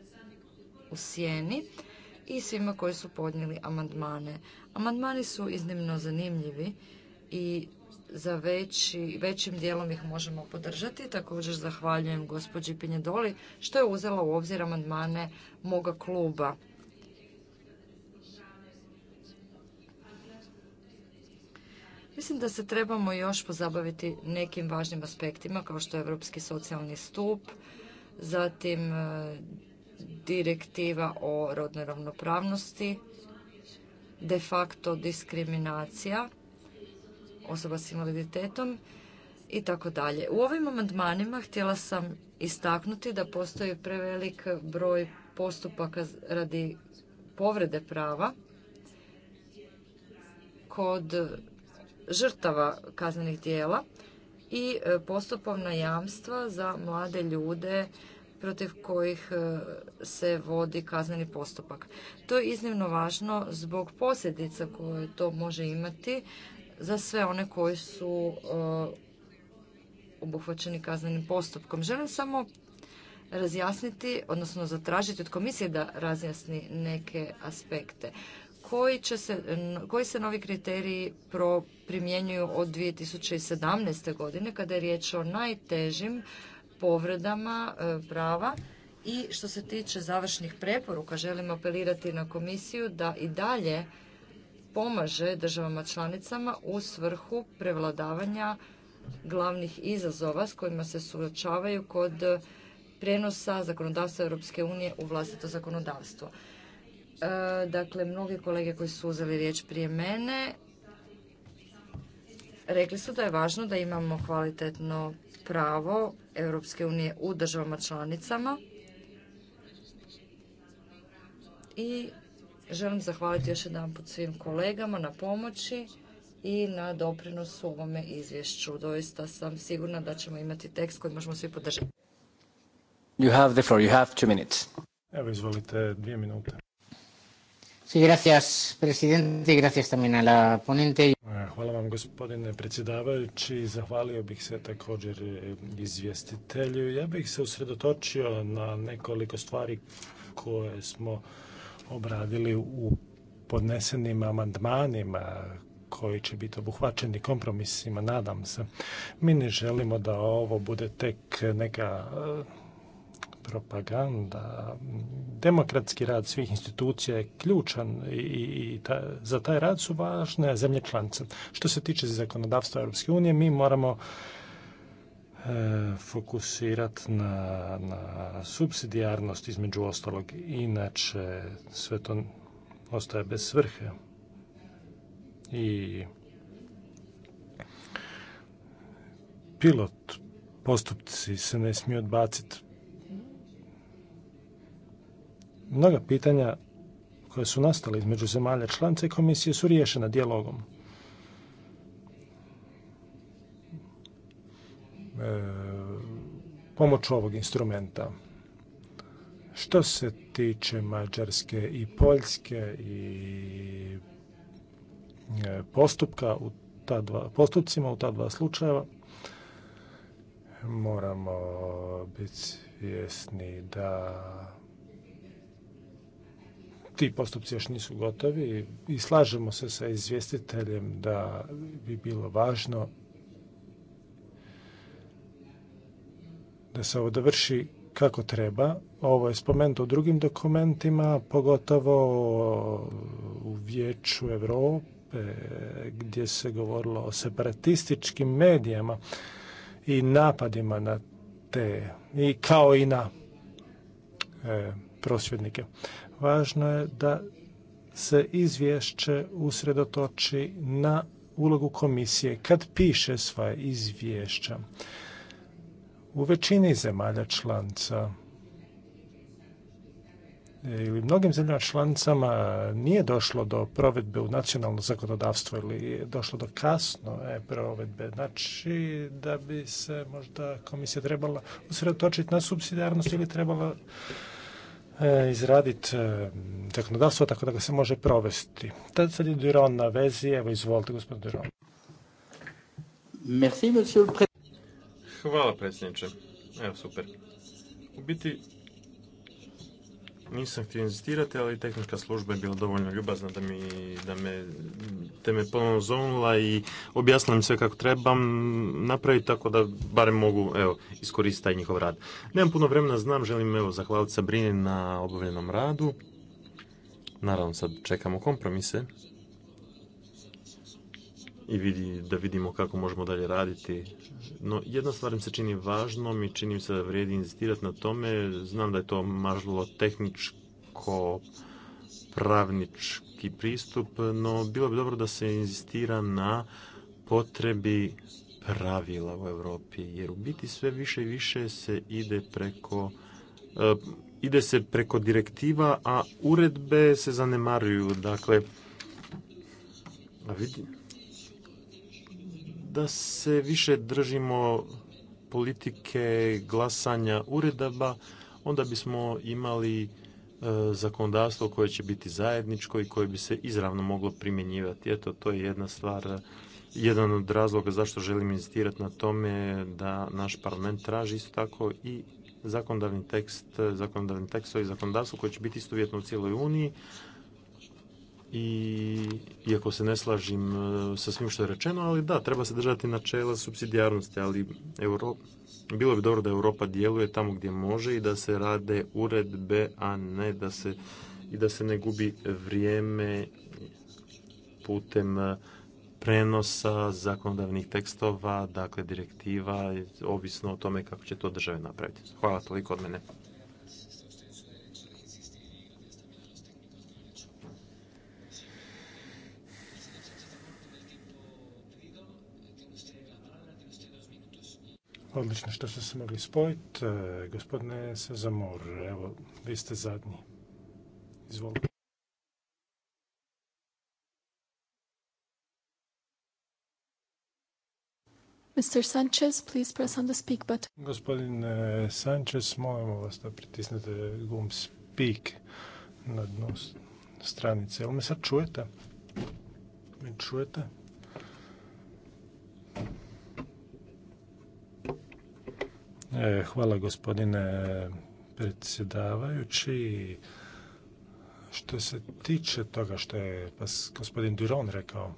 u sjeni i svima koji su podnijeli amandmane. Amandmani su iznimno zanimljivi i za veći, većim dijelom ih možemo podržati. Također zahvaljujem gospođi Pinjedoli što je uzela u obzir amandmane moga kluba. Mislim da se trebamo još pozabaviti nekim važnim aspektima kao što je Europski socijalni stup, zatim e, direktiva o rodnoj ravnopravnosti, de facto diskriminacija osoba s invaliditetom i tako dalje. U ovim amandmanima htjela sam istaknuti da postoji prevelik broj postupaka radi povrede prava kod žrtava kaznenih dijela i e, postupovna jamstva za mlade ljude protiv kojih e, se vodi kazneni postupak. To je iznimno važno zbog posljedica koje to može imati za sve one koji su e, obuhvaćeni kaznenim postupkom. Želim samo razjasniti, odnosno zatražiti od komisije da razjasni neke aspekte koji, će se, koji se novi kriteriji pro primjenjuju od 2017. godine kada je riječ o najtežim povredama e, prava i što se tiče završnih preporuka želim apelirati na komisiju da i dalje pomaže državama članicama u svrhu prevladavanja glavnih izazova s kojima se suočavaju kod prijenosa zakonodavstva Europske unije u vlastito zakonodavstvo. E, dakle, mnogi kolege koji su uzeli riječ prije mene rekli su da je važno da imamo kvalitetno pravo Europske unije u državama članicama i želim zahvaliti još jedan put svim kolegama na pomoći i na doprinosu ovome izvješću. Doista sam sigurna da ćemo imati tekst koji možemo svi podržati. You have the floor. You have minutes. Evo, izvolite, dvije minute. Sí, gracias, presidente, gracias también a la ponente. Eh, hvala vam, gospodine predsjedavajući. Zahvalio bih se također eh, izvjestitelju. Ja bih se usredotočio na nekoliko stvari koje smo obradili u podnesenim amandmanima koji će biti obuhvaćeni kompromisima, nadam se. Mi ne želimo da ovo bude tek neka eh, propaganda. Demokratski rad svih institucija je ključan i za taj rad su važne zemlje članice. Što se tiče zakonodavstva Europske unije, mi moramo e, fokusirati na, na subsidijarnost između ostalog. Inače, sve to ostaje bez svrhe. I pilot postupci se ne smiju odbaciti Mnoga pitanja koje su nastale između zemalja članica i komisije su riješena dijalogom. E, pomoć ovog instrumenta. Što se tiče Mađarske i Poljske i e, postupka u ta dva, postupcima u ta dva slučajeva, moramo biti svjesni da ti postupci još nisu gotovi i slažemo se sa izvjestiteljem da bi bilo važno da se ovo dovrši kako treba. Ovo je spomenuto u drugim dokumentima, pogotovo u Vijeću Evrope gdje se govorilo o separatističkim medijama i napadima na te, i kao i na E, prosvjednike. Važno je da se izvješće usredotoči na ulogu komisije kad piše svoje izvješća. U većini zemalja članca ili mnogim zemljama članicama nije došlo do provedbe u nacionalno zakonodavstvo ili je došlo do kasno e, provedbe. Znači da bi se možda komisija trebala usredotočiti na subsidijarnost ili trebala e, izraditi e, zakonodavstvo tako da ga se može provesti. Tad sad je Duron na vezi, evo izvolite gospodin Duron. Hvala predsjedniče. Evo super. U biti nisam htio inzistirati, ali tehnička služba je bila dovoljno ljubazna da, mi, da me, te me ponovno zonula i objasnila mi sve kako trebam napraviti, tako da barem mogu evo, iskoristiti taj njihov rad. Nemam puno vremena, znam, želim evo, zahvaliti Sabrini na obavljenom radu. Naravno, sad čekamo kompromise i vidi, da vidimo kako možemo dalje raditi. No, jedna stvar mi se čini važnom i čini mi se da vrijedi inzistirati na tome. Znam da je to mažlo tehničko pravnički pristup, no bilo bi dobro da se inzistira na potrebi pravila u Europi, jer u biti sve više i više se ide preko eh, ide se preko direktiva, a uredbe se zanemaruju. Dakle, a da se više držimo politike glasanja uredaba, onda bismo imali e, zakonodavstvo koje će biti zajedničko i koje bi se izravno moglo primjenjivati. Eto, to je jedna stvar, jedan od razloga zašto želim inzistirati na tome da naš parlament traži isto tako i zakonodavni tekst, zakonodavni tekst i zakonodavstvo koje će biti istovjetno u cijeloj Uniji, i iako se ne slažim e, sa svim što je rečeno, ali da, treba se držati načela subsidijarnosti, ali Euro, bilo bi dobro da Europa djeluje tamo gdje može i da se rade uredbe, a ne da se i da se ne gubi vrijeme putem e, prenosa zakonodavnih tekstova, dakle direktiva, ovisno o tome kako će to države napraviti. Hvala toliko od mene. Odlično što ste se mogli spojiti. E, gospodine Sezamor, evo, vi ste zadnji. Izvolite. Mr. Sanchez, please press on the speak button. Gospodin Sanchez, molimo vas da pritisnete gumb speak na dnu stranice. Jel me sad čujete? Me čujete? E, hvala gospodine predsjedavajući. Što se tiče toga što je pa gospodin Duron rekao,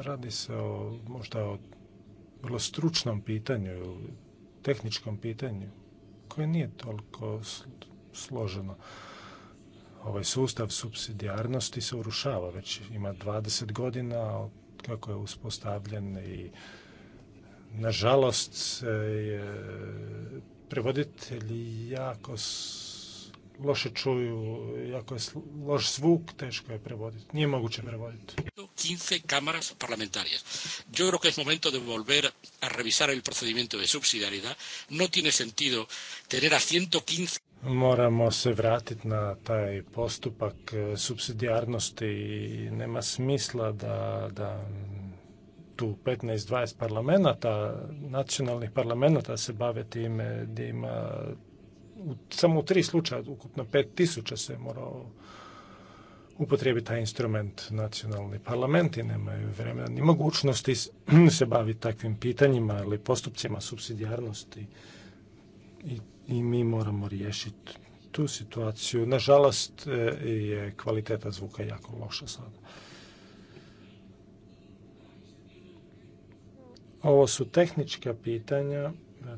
radi se o možda o vrlo stručnom pitanju, tehničkom pitanju koje nije toliko složeno. Ovaj sustav subsidijarnosti se urušava, već ima 20 godina kako je uspostavljen i Nažalost, e, je prevoditelji jako loše čuju, jako je loš zvuk, teško je prevoditi. Nije moguće prevoditi. 15 cámaras parlamentarias. Yo creo que es momento de volver a revisar el procedimiento de subsidiariedad. No tiene sentido tener a 115... Moramo se vratiti na taj postupak e, subsidijarnosti. Nema smisla da, da tu 15-20 parlamenta, nacionalnih parlamenta se bave time, gdje ima samo u tri slučaja, ukupno 5000 se mora upotrijebiti taj instrument. Nacionalni parlamenti nemaju vremena ni mogućnosti (clears throat) se baviti takvim pitanjima ili postupcima subsidijarnosti i, i mi moramo riješiti tu situaciju. Nažalost e, je kvaliteta zvuka jako loša sada. Ovo su tehnička pitanja,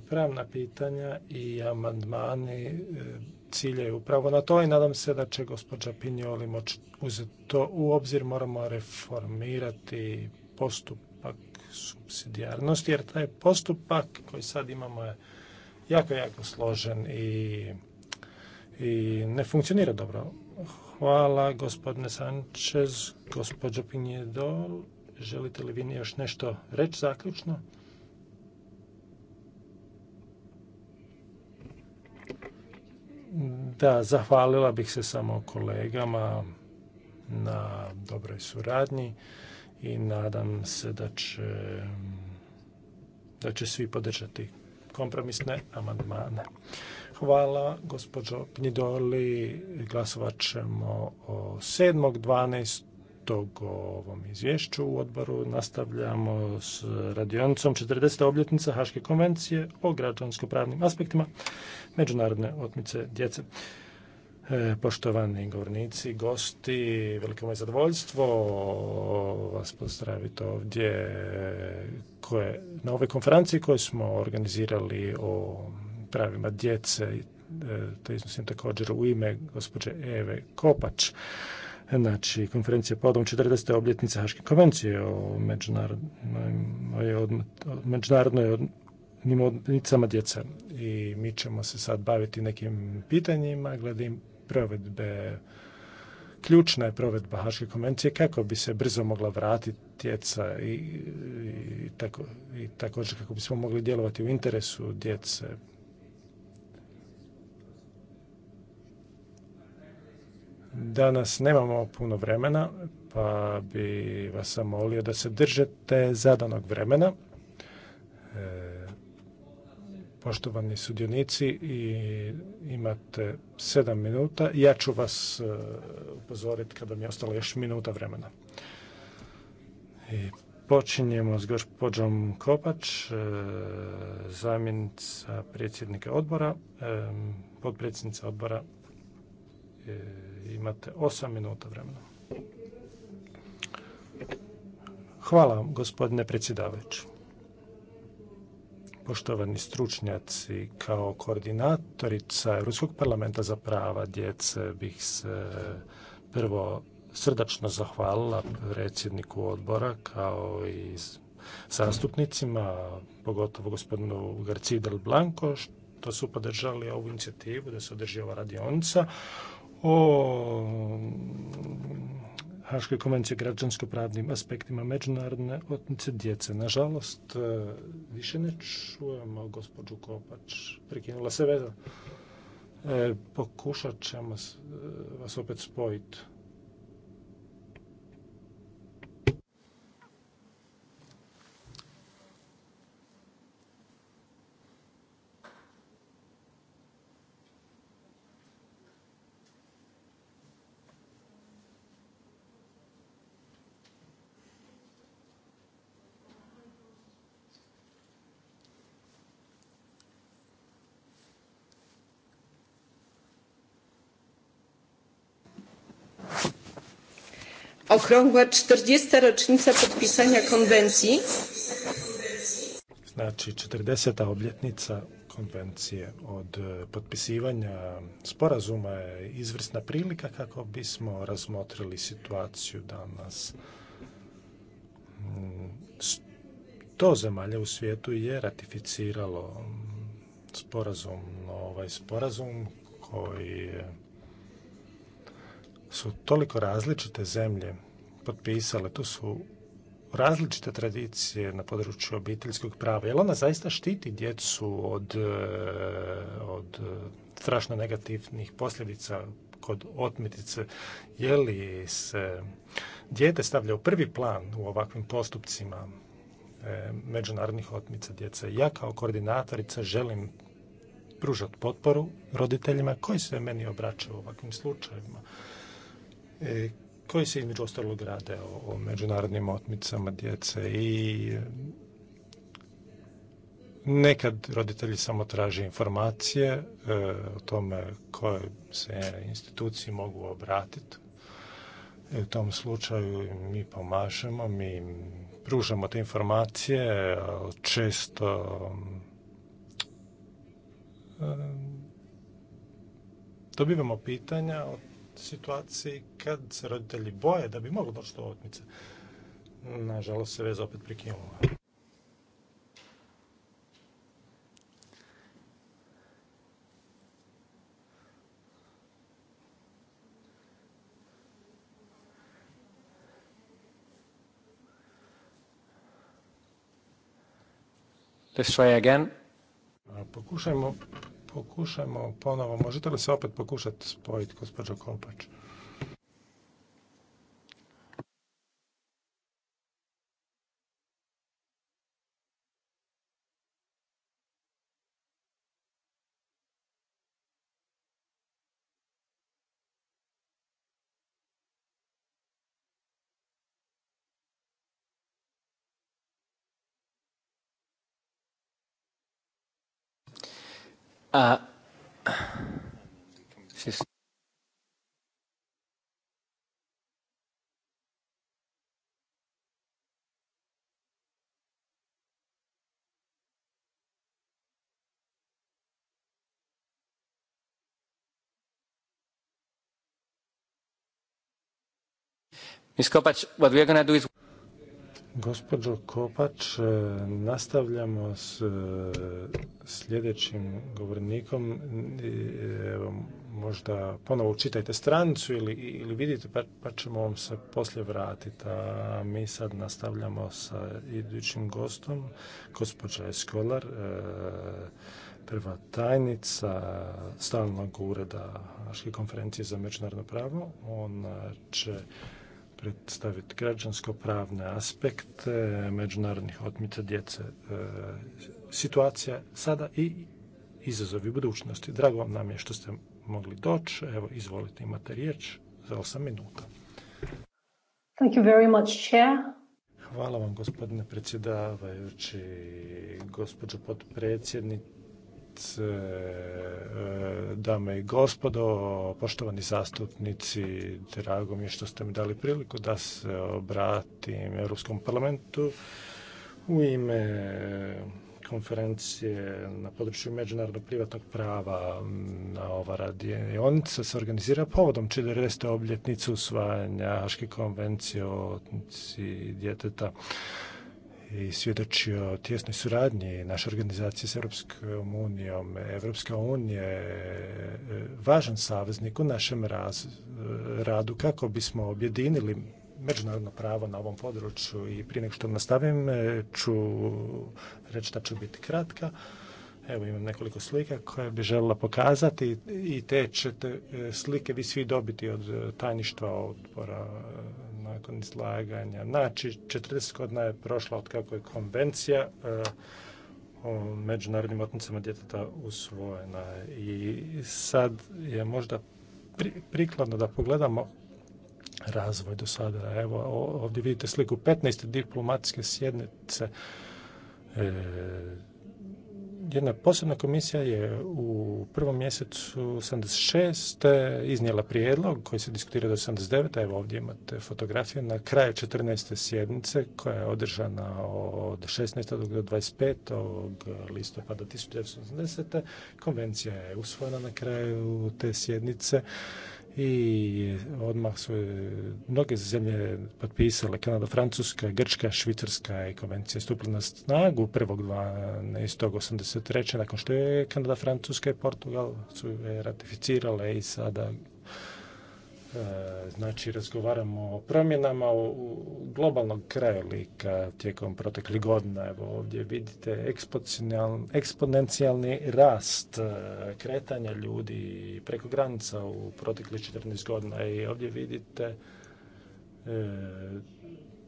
pravna pitanja i amandmani e, ciljaju upravo na to i nadam se da će gospođa Pinjoli moći uzeti to u obzir. Moramo reformirati postupak subsidijarnosti jer taj postupak koji sad imamo je jako, jako složen i, ne funkcionira dobro. Hvala gospodine Sanchez, gospođo Pinjedol. Želite li vi još nešto reći zaključno? Da, zahvalila bih se samo kolegama na dobroj suradnji i nadam se da će, da će svi podržati kompromisne amandmane. Hvala, gospođo Pnidoli. Glasovat ćemo o 7.12 tog ovom izvješću u odboru nastavljamo s radionicom 40. obljetnica Haške konvencije o građansko-pravnim aspektima međunarodne otmice djece. E, poštovani govornici, gosti, veliko moje zadovoljstvo vas pozdraviti ovdje koje, na ovoj konferenciji koju smo organizirali o pravima djece, e, to iznosim također u ime gospođe Eve Kopač znači konferencija podom 40. obljetnice Haške konvencije o međunarodnoj, međunarodnoj odnicama djece. I mi ćemo se sad baviti nekim pitanjima glede provedbe ključna je provedba Haške konvencije kako bi se brzo mogla vratiti djeca i, tako, i također kako bismo mogli djelovati u interesu djece Danas nemamo puno vremena, pa bi vas molio da se držite zadanog vremena. E, poštovani sudionici, i imate sedam minuta. Ja ću vas e, upozoriti kada mi je ostalo još minuta vremena. I počinjemo s gospođom Kopač, e, zamjenica predsjednika odbora, potpredsjednica odbora imate osam minuta vremena. Hvala vam, gospodine predsjedavajući. Poštovani stručnjaci, kao koordinatorica Europskog parlamenta za prava djece bih se prvo srdačno zahvalila predsjedniku odbora kao i zastupnicima, pogotovo gospodinu Garcidel Blanko, što su podržali ovu inicijativu da se održi ova radionica o mm, Haškoj konvenciji o građansko-pravnim aspektima međunarodne otnice djece. Nažalost, e, više ne čujemo gospođu Kopač. Prekinula se veza. E, pokušat ćemo e, vas opet spojiti. okrągła 40. rocznica podpisania konwencji. Znači, 40. obljetnica konvencije od e, potpisivanja sporazuma je izvrsna prilika kako bismo razmotrili situaciju danas. Mm, to zemalja u svijetu je ratificiralo sporazum, ovaj sporazum koji je su toliko različite zemlje potpisale, tu su različite tradicije na području obiteljskog prava. Jel ona zaista štiti djecu od, e, od strašno negativnih posljedica kod otmitice? Je li se dijete stavlja u prvi plan u ovakvim postupcima e, međunarodnih otmica djece? Ja kao koordinatorica želim pružati potporu roditeljima koji se meni obraćaju u ovakvim slučajevima. E, koji se između ostalog rade o, međunarodnim otmicama djece i e, Nekad roditelji samo traže informacije e, o tome koje se instituciji mogu obratiti. u tom slučaju mi pomažemo, mi pružamo te informacije, često dobivamo pitanja od situaciji kad se roditelji boje da bi moglo doći do otmice. Nažalost se vez opet prekinula. Let's try again. Pokušajmo Pokušajmo ponovo. Možete li se opet pokušati spojiti, gospođo Kopač? Ms. Kopacz, what we are going to do is... Gospođo Kopač, e, nastavljamo s e, sljedećim govornikom. E, evo, možda ponovo čitajte stranicu ili, vidite pa, pa ćemo vam se poslije vratiti. A mi sad nastavljamo sa idućim gostom, gospođa skolar. prva tajnica stalnog ureda Haške konferencije za međunarodno pravo. Ona će predstaviti građansko-pravne aspekte međunarodnih otmica djece, e, situacija sada i izazovi budućnosti. Drago vam nam je što ste mogli doći. Evo, izvolite, imate riječ za 8 minuta. Thank Hvala vam, gospodine predsjedavajući, gospođo potpredsjednice E, dame i gospodo, poštovani zastupnici, drago mi je što ste mi dali priliku da se obratim Europskom parlamentu u ime konferencije na području međunarodnog privatnog prava na ova radionica se organizira povodom 40. obljetnicu usvajanja Haške konvencije o djeteta i svjedočio tjesnoj suradnji naše organizacije s Europskom unijom. Europska unija je važan saveznik u našem radu kako bismo objedinili međunarodno pravo na ovom području i prije nego što nastavim ću reći da ću biti kratka. Evo imam nekoliko slika koje bi željela pokazati i te ćete e, slike vi svi dobiti od e, tajništva odbora nakon izlaganja. Znači, 40 godina je prošla od kako je konvencija e, o međunarodnim otnicama djeteta usvojena i sad je možda prikladno da pogledamo razvoj do sada. Evo, ovdje vidite sliku 15. diplomatske sjednice e, jedna posebna komisija je u prvom mjesecu 76. iznijela prijedlog koji se diskutira do 79. Evo ovdje imate fotografije na kraju 14. sjednice koja je održana od 16. do 25. listopada 1980. Konvencija je usvojena na kraju te sjednice i odmah su e, mnoge zemlje potpisale, Kanada, Francuska, Grčka, Švicarska i konvencija je stupila na snagu 1.12.83. nakon što je Kanada, Francuska i Portugal su je ratificirale i sada E, znači, razgovaramo o promjenama u globalnog krajolika tijekom proteklih godina. Evo ovdje vidite eksponencijalni rast e, kretanja ljudi preko granica u proteklih 14 godina i ovdje vidite e,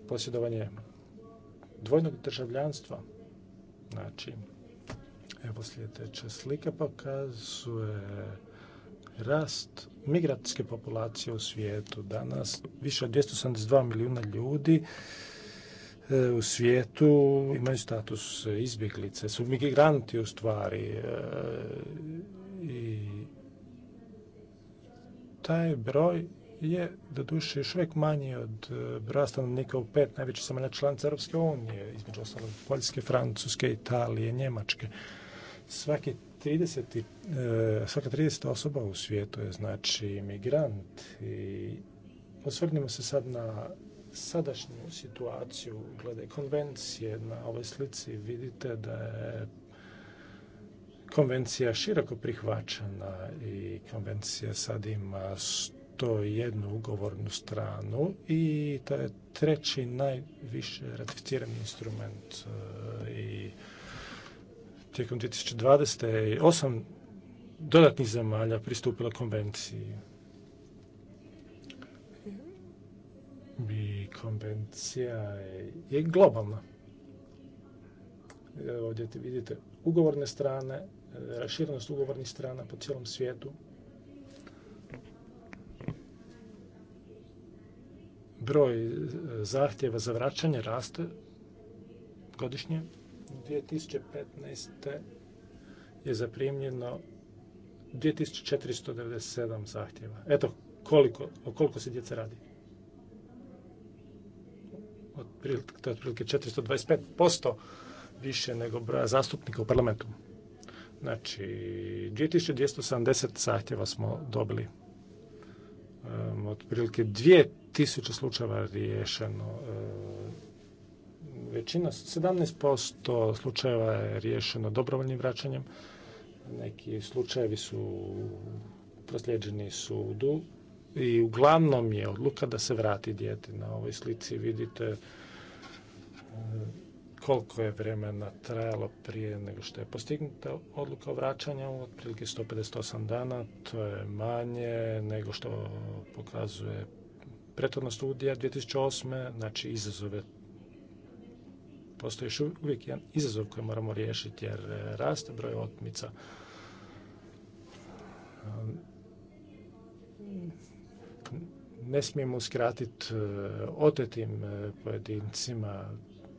posjedovanje dvojnog državljanstva. Znači, evo sljedeća slika pokazuje rast migratske populacije u svijetu. Danas više od 272 milijuna ljudi e, u svijetu imaju status izbjeglice, su migranti u stvari. E, I taj broj je doduše još uvijek manji od e, broja stanovnika u pet najvećih zemalja članica Europske unije, između ostalog Poljske, Francuske, Italije, Njemačke. Svaki 30, e, svaka 30 osoba u svijetu je znači migrant i osvrnimo se sad na sadašnju situaciju glede konvencije. Na ovoj slici vidite da je konvencija široko prihvaćena i konvencija sad ima 101 ugovornu stranu i to je treći najviše ratificirani instrument e, i Tijekom 2020. je osam dodatnih zemalja pristupila konvenciji. I konvencija je, globalna. Ovdje vidite ugovorne strane, e, raširenost ugovornih strana po cijelom svijetu. Broj e, zahtjeva za vraćanje raste godišnje. 2015. je zaprimljeno 2497 zahtjeva. Eto koliko, o koliko se djece radi. Otprilike, to je otprilike 425% više nego broja zastupnika u parlamentu. Znači, 2270 zahtjeva smo dobili. Um, otprilike 2000 slučajeva riješeno većina, 17% slučajeva je riješeno dobrovoljnim vraćanjem, neki slučajevi su prosljeđeni sudu i uglavnom je odluka da se vrati dijete. Na ovoj slici vidite e, koliko je vremena trajalo prije nego što je postignuta odluka o vraćanju, otprilike 158 dana, to je manje nego što pokazuje prethodna studija 2008. Znači, izazove postoji još uvijek jedan izazov koji moramo riješiti jer e, raste broj otmica. Ehm, ne smijemo uskratiti e, otetim e, pojedincima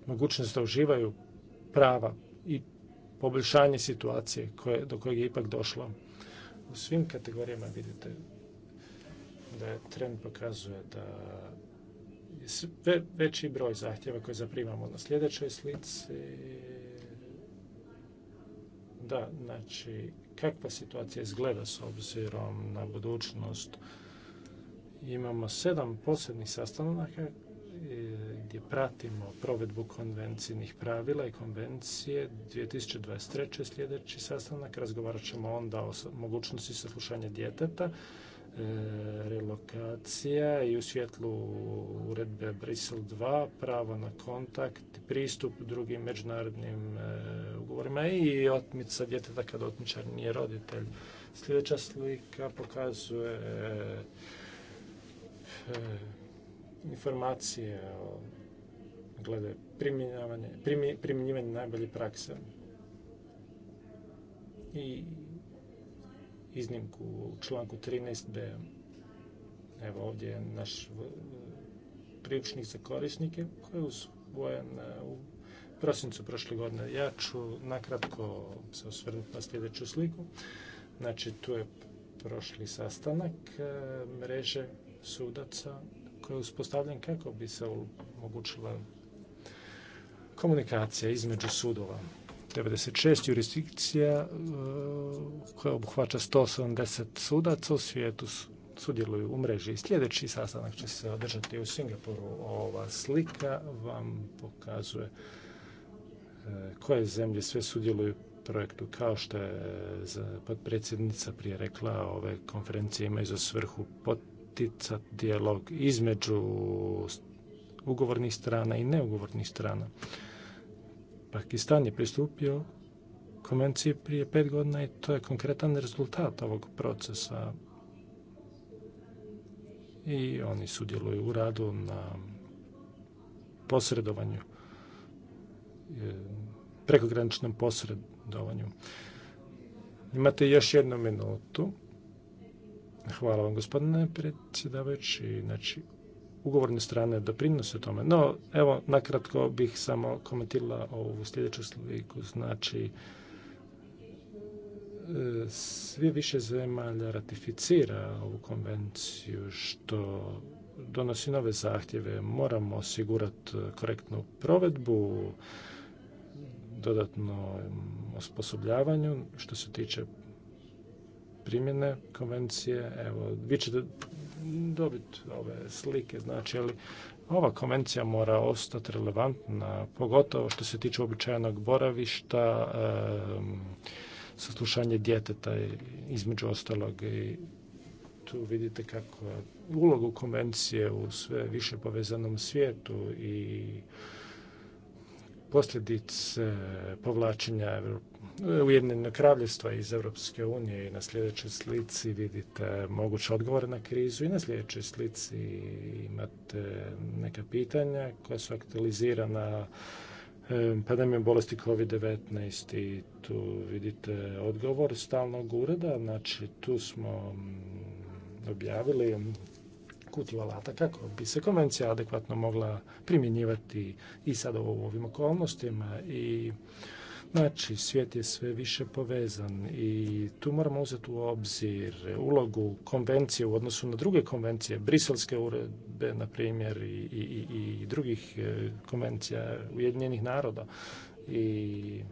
mogućnost da uživaju prava i poboljšanje situacije do kojeg je ipak došlo. U svim kategorijama vidite da je trend pokazuje da sve veći broj zahtjeva koje zaprimamo na sljedećoj slici. Da, znači, kakva situacija izgleda s obzirom na budućnost? Imamo sedam posebnih sastanaka e, gdje pratimo provedbu konvencijnih pravila i konvencije 2023. sljedeći sastanak. Razgovarat ćemo onda o mogućnosti saslušanja djeteta E, relokacija i u svjetlu uredbe Brisel 2 pravo na kontakt, pristup drugim međunarodnim e, ugovorima i otmica djeteta kad otmičar nije roditelj. Sljedeća slika pokazuje e, informacije o glede primjenjivanje najbolje prakse i iznimku u članku 13b. Evo ovdje je naš priručnik za korisnike koji je usvojen e, u prosincu prošle godine. Ja ću nakratko se osvrnuti na sljedeću sliku. Znači tu je prošli sastanak e, mreže sudaca koji je uspostavljen kako bi se omogućila komunikacija između sudova. 96 jurisdikcija e, koja obuhvaća 180 sudaca u svijetu sudjeluju u mreži. Sljedeći sastanak će se održati u Singapuru. Ova slika vam pokazuje e, koje zemlje sve sudjeluju projektu. Kao što je e, potpredsjednica prije rekla, ove konferencije imaju za svrhu poticati dijalog između ugovornih strana i neugovornih strana. Pakistan je pristupio konvenciji prije pet godina i to je konkretan rezultat ovog procesa. I oni sudjeluju u radu na posredovanju, e, prekograničnom posredovanju. Imate još jednu minutu. Hvala vam, gospodine predsjedavajući. Znači, ugovorne strane doprinose tome. No, evo, nakratko bih samo komentirala ovu sljedeću sliku. Znači, e, sve više zemalja ratificira ovu konvenciju što donosi nove zahtjeve. Moramo osigurati korektnu provedbu, dodatno osposobljavanju što se tiče primjene konvencije. Evo, vi ćete dobiti ove slike, znači, ali ova konvencija mora ostati relevantna, pogotovo što se tiče običajnog boravišta, saslušanje djeteta, između ostalog i tu vidite kako ulogu konvencije u sve više povezanom svijetu i posljedice povlačenja Ujedinjeno kraljevstva iz Europske unije i na sljedećoj slici vidite moguće odgovore na krizu i na sljedećoj slici imate neka pitanja koja su aktualizirana pandemijom bolesti COVID-19 i tu vidite odgovor stalnog ureda, znači tu smo mm, objavili kutiju alata kako bi se konvencija adekvatno mogla primjenjivati i sada u ovim okolnostima i Znači, svijet je sve više povezan i tu moramo uzeti u obzir ulogu konvencije u odnosu na druge konvencije, briselske uredbe, na primjer, i, i, i drugih e, konvencija Ujedinjenih naroda. I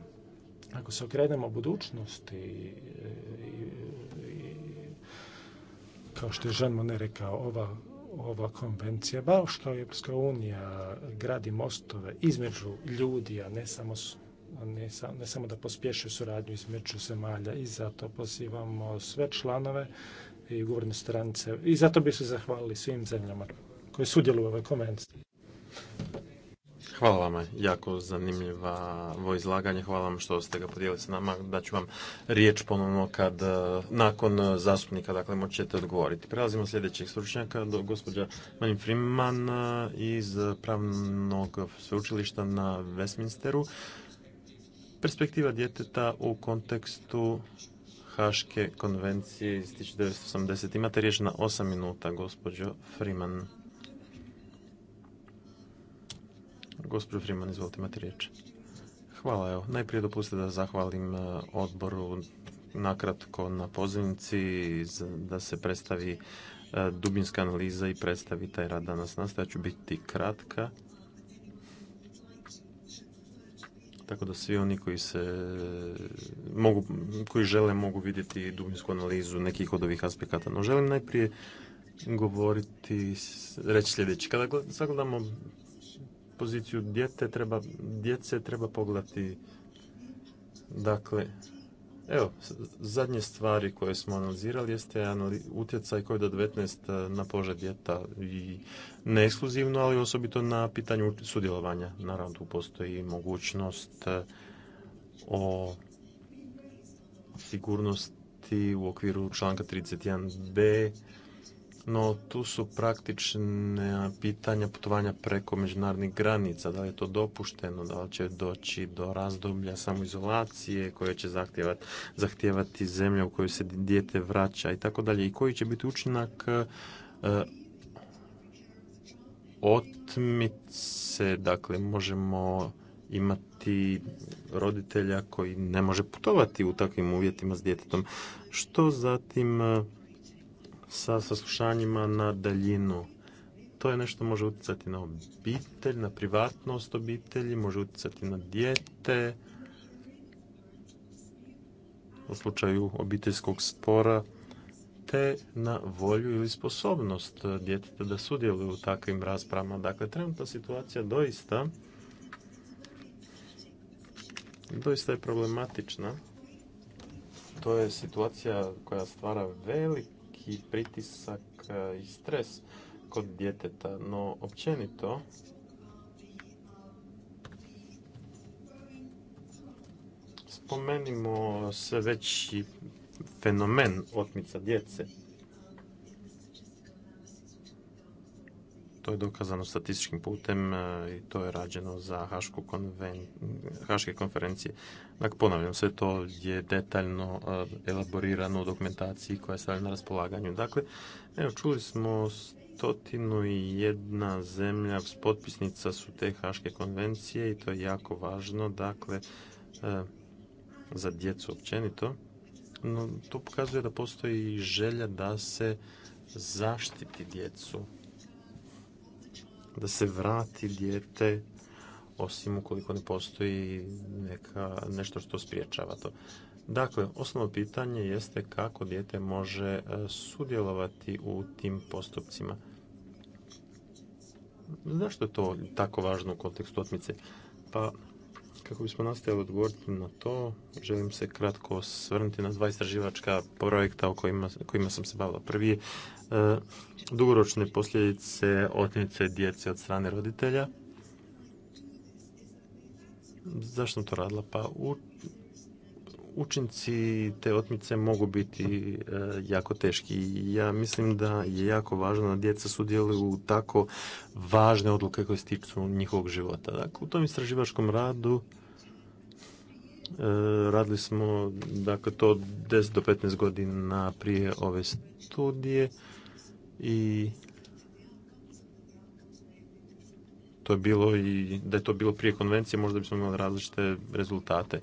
ako se okrenemo budućnosti, e, i, kao što je Jean Monnet rekao, ova ova konvencija, baš kao Europska unija gradi mostove između ljudi, a ne samo ne, samo da pospješe suradnju između zemalja i zato pozivamo sve članove i ugovorne stranice i zato bi se zahvalili svim zemljama koje sudjeluju u ovoj konvenciji. Hvala vama, jako zanimljivo izlaganje. Hvala vam što ste ga podijelili s nama. ću vam riječ ponovno kad, e, nakon zastupnika, dakle moćete odgovoriti. Prelazimo sljedećeg stručnjaka gospođa Manin Freeman e, iz Pravnog sveučilišta na Westminsteru. Perspektiva djeteta u kontekstu Haške konvencije iz 1980. Imate riječ na 8 minuta, gospođo Freeman. Gospođo Freeman, izvolite, imate riječ. Hvala, evo. Najprije dopustite da zahvalim e, odboru nakratko na pozivnici da se predstavi e, dubinska analiza i predstavi taj rad danas. Nastavit ću biti kratka Tako da svi oni koji se mogu, koji žele mogu vidjeti dubinsku analizu nekih od ovih aspekata. No želim najprije govoriti, reći sljedeći. Kada sagledamo poziciju treba, djece treba pogledati dakle Evo, zadnje stvari koje smo analizirali jeste utjecaj COVID-19 e, na požar djeta i ne ekskluzivno, ali osobito na pitanju sudjelovanja. Naravno, tu postoji mogućnost e, o sigurnosti u okviru članka 31b no, tu su praktična pitanja putovanja preko međunarodnih granica. Da li je to dopušteno? Da li će doći do razdoblja samoizolacije koje će zahtijevati, zahtijevati zemlja u koju se dijete vraća i tako dalje. I koji će biti učinak e, otmice? Dakle, možemo imati roditelja koji ne može putovati u takvim uvjetima s djetetom. Što zatim e, sa saslušanjima na daljinu. To je nešto može utjecati na obitelj, na privatnost obitelji, može utjecati na dijete. U slučaju obiteljskog spora te na volju ili sposobnost djeteta da sudjeluje u takvim raspravama. Dakle, trenutna situacija doista doista je problematična. To je situacija koja stvara velik i pritisak e, i stres kod djeteta, no općenito spomenimo sve veći fenomen otmica djece. To je dokazano statističkim putem e, i to je rađeno za Haške konferencije. Dakle, ponavljam, sve to je detaljno eh, elaborirano u dokumentaciji koja je stavljena na raspolaganju. Dakle, evo, čuli smo stotinu i jedna zemlja potpisnica su te Haške konvencije i to je jako važno, dakle, eh, za djecu općenito. No, to pokazuje da postoji želja da se zaštiti djecu, da se vrati dijete osim ukoliko ne postoji neka, nešto što spriječava to. Dakle, osnovno pitanje jeste kako dijete može e, sudjelovati u tim postupcima. Zašto je to tako važno u kontekstu otmice? Pa, kako bismo nastavili odgovoriti na to, želim se kratko svrnuti na dva istraživačka projekta o kojima, kojima sam se bavila. Prvi je e, dugoročne posljedice otmice djece od strane roditelja Zašto sam to radila? Pa učinci te otmice mogu biti e, jako teški. Ja mislim da je jako važno da djeca sudjeluju u tako važne odluke koje se tiču njihovog života. Dakle, u tom istraživačkom radu e, radili smo dakle, to 10 do 15 godina prije ove studije i to je bilo i da je to bilo prije konvencije, možda bismo imali različite rezultate.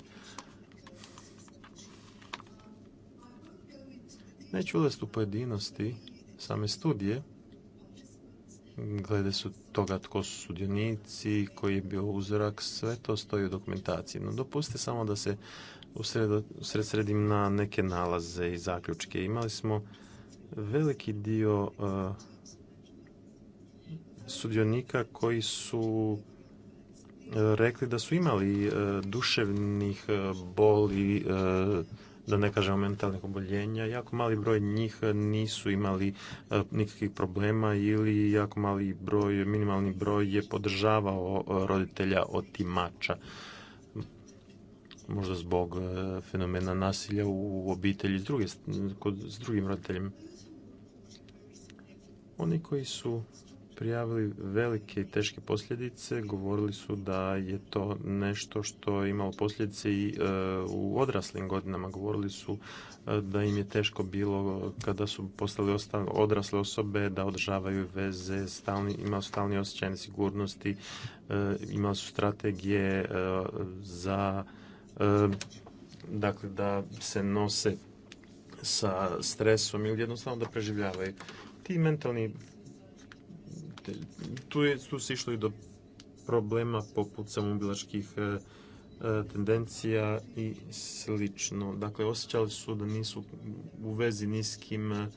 Neću ulaziti u pojedinosti same studije, glede su toga tko su sudionici, koji je bio uzorak, sve to stoji u dokumentaciji. No dopustite samo da se usredsredim na neke nalaze i zaključke. Imali smo veliki dio eh, sudionika koji su e, rekli da su imali e, duševnih e, boli, da ne kažemo mentalnih oboljenja. Jako mali broj njih nisu imali nikakvih problema ili jako mali broj, minimalni broj je podržavao roditelja otimača možda zbog fenomena nasilja u obitelji s, s drugim roditeljima. Oni koji su prijavili velike i teške posljedice, govorili su da je to nešto što je imalo posljedice i e, u odraslim godinama. Govorili su e, da im je teško bilo kada su postali odrasle osobe da održavaju veze, stalni, imali su stalni osjećaj nesigurnosti, e, imali su strategije za dakle da se nose sa stresom ili jednostavno da preživljavaju. Ti mentalni tu, je, tu se išlo i do problema poput samobilačkih e, e, tendencija i slično. Dakle, osjećali su da nisu u vezi ni s kim, e,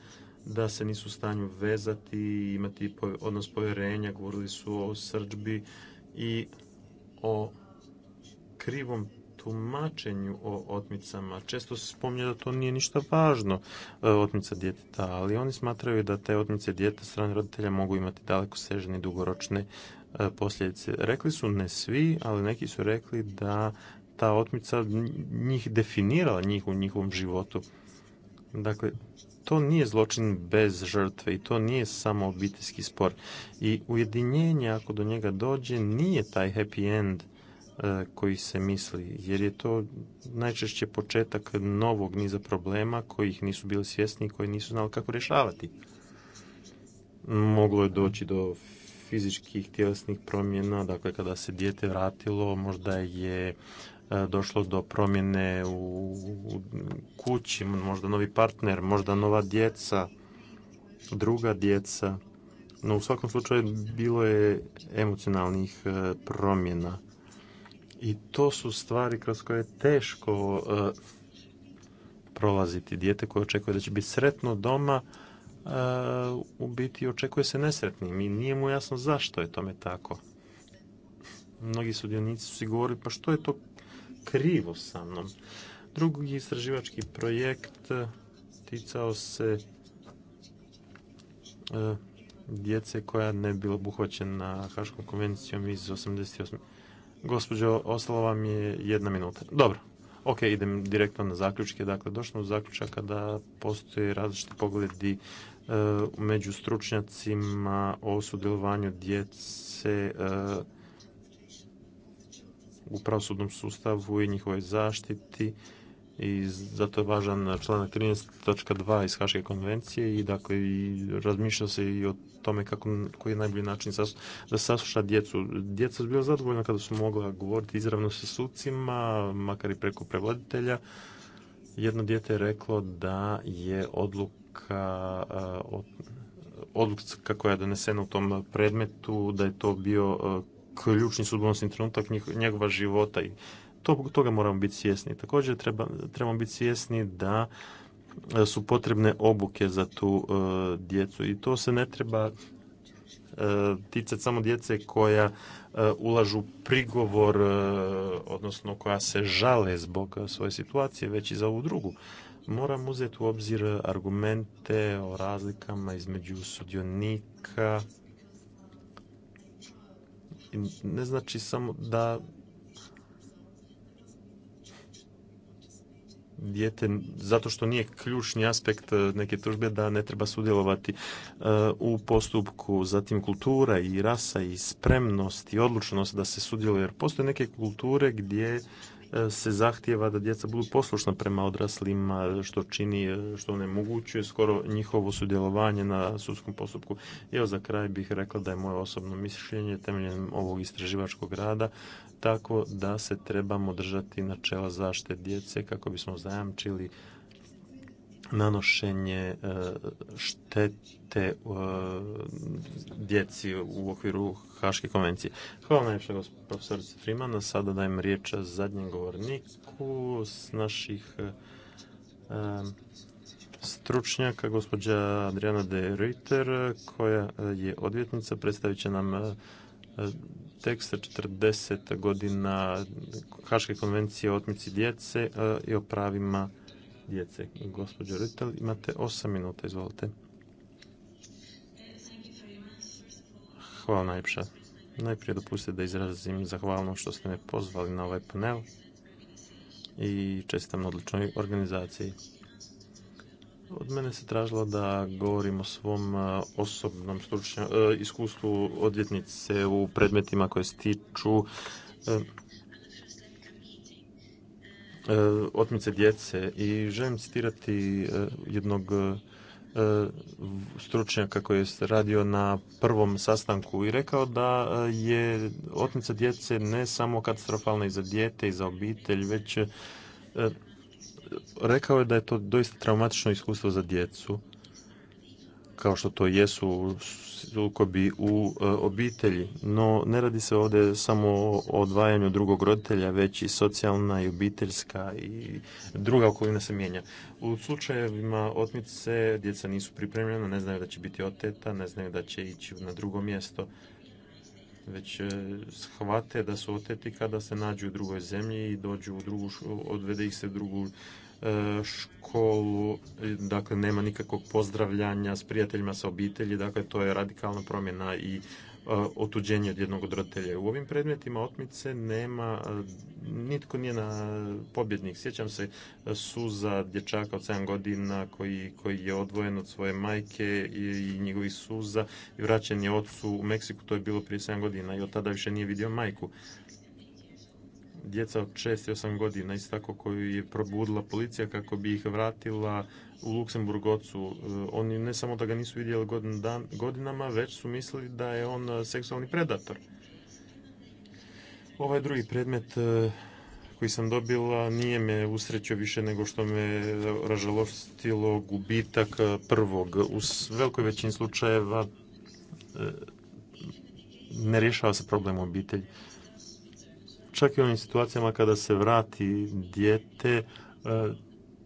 da se nisu u stanju vezati imati odnos povjerenja, govorili su o srđbi i o krivom tumačenju o otmicama. Često se spominje da to nije ništa važno, e, otmica djeteta, ali oni smatraju da te otmice djeteta strane roditelja mogu imati daleko sežene i dugoročne e, posljedice. Rekli su ne svi, ali neki su rekli da ta otmica njih definirala njih u njihovom životu. Dakle, to nije zločin bez žrtve i to nije samo obiteljski spor. I ujedinjenje, ako do njega dođe, nije taj happy end E, koji se misli, jer je to najčešće početak novog niza problema kojih nisu bili svjesni i koji nisu znali kako rješavati. Moglo je doći do fizičkih tjelesnih promjena, dakle kada se dijete vratilo, možda je e, došlo do promjene u kući, možda novi partner, možda nova djeca, druga djeca. No u svakom slučaju bilo je emocionalnih e, promjena i to su stvari kroz koje je teško e, prolaziti. Dijete koje očekuje da će biti sretno doma, e, u biti očekuje se nesretnim i nije mu jasno zašto je tome tako. Mnogi sudionici su si govorili pa što je to krivo sa mnom. Drugi istraživački projekt e, ticao se djece koja ne bila obuhvaćena Haškom konvencijom iz 88. Gospođo, ostalo vam je jedna minuta. Dobro, ok, idem direktno na zaključke. Dakle, došlo smo do zaključaka da postoje različiti pogledi uh, među stručnjacima o sudjelovanju djece e, u pravosudnom sustavu i njihovoj zaštiti i zato je važan članak 13.2 iz Haške konvencije i dakle i razmišlja se i o tome kako, koji je najbolji način da sasluša djecu. Djeca su bila zadovoljna kada su mogla govoriti izravno sa sucima, makar i preko prevoditelja. Jedno dijete je reklo da je odluka odluka koja je donesena u tom predmetu, da je to bio ključni sudbonosni trenutak njegova života i to, toga moramo biti svjesni. Također treba, trebamo biti svjesni da e, su potrebne obuke za tu e, djecu i to se ne treba e, ticati samo djece koja ulažu prigovor, odnosno koja se žale zbog svoje situacije, već i za ovu drugu. Moram uzeti u obzir argumente o razlikama između sudionika. Ne znači samo da dijete zato što nije ključni aspekt e, neke tužbe da ne treba sudjelovati e, u postupku, zatim kultura i rasa i spremnost i odlučnost da se sudjeluje jer postoje neke kulture gdje e, se zahtjeva da djeca budu poslušna prema odraslima, što čini, što onemogućuje skoro njihovo sudjelovanje na sudskom postupku. Evo za kraj bih rekla da je moje osobno mišljenje temeljem ovog istraživačkog rada tako da se trebamo držati načela zaštite djece kako bismo zajamčili nanošenje e, štete e, djeci u okviru Haške konvencije. Hvala najviše, profesorice Frimana. Sada dajem riječ zadnjem govorniku s naših e, stručnjaka, gospođa Adriana de Reuter, koja je odvjetnica, predstavit će nam teksta 40 godina Haške konvencije o otmici djece e, i o pravima djece. Gospođo Rutel, imate 8 minuta, izvolite. Hvala najljepša. Najprije dopustite da izrazim zahvalno što ste me pozvali na ovaj panel i čestam na odličnoj organizaciji. Od mene se tražilo da govorim o svom e, osobnom e, iskustvu odvjetnice u predmetima koje stiču e, otmice djece i želim citirati jednog stručnjaka koji je radio na prvom sastanku i rekao da je otmica djece ne samo katastrofalna i za dijete i za obitelj, već rekao je da je to doista traumatično iskustvo za djecu, kao što to jesu sukobi u e, obitelji. No, ne radi se ovdje samo o odvajanju drugog roditelja, već i socijalna i obiteljska i druga okolina se mijenja. U slučajevima otmice djeca nisu pripremljena, ne znaju da će biti oteta, ne znaju da će ići na drugo mjesto već e, shvate da su oteti kada se nađu u drugoj zemlji i dođu u drugu, odvede ih se u drugu E, školu, e, dakle nema nikakvog pozdravljanja s prijateljima, sa obitelji, dakle to je radikalna promjena i e, otuđenje od jednog od roditelja. U ovim predmetima otmice nema, nitko nije na pobjednik. Sjećam se suza dječaka od 7 godina koji, je odvojen od svoje majke i, njegovih suza i vraćen je ocu u Meksiku, to je bilo prije 7 godina i od tada više nije vidio majku djeca od 6 i 8 godina, isto tako koju je probudila policija kako bi ih vratila u Luksemburgocu. E, oni ne samo da ga nisu vidjeli godinama, već su mislili da je on e, seksualni predator. Ovaj drugi predmet e, koji sam dobila nije me usrećio više nego što me ražalostilo gubitak prvog. U velikoj većini slučajeva ne rješava se problem obitelji. Čak i u situacijama kada se vrati dijete, e,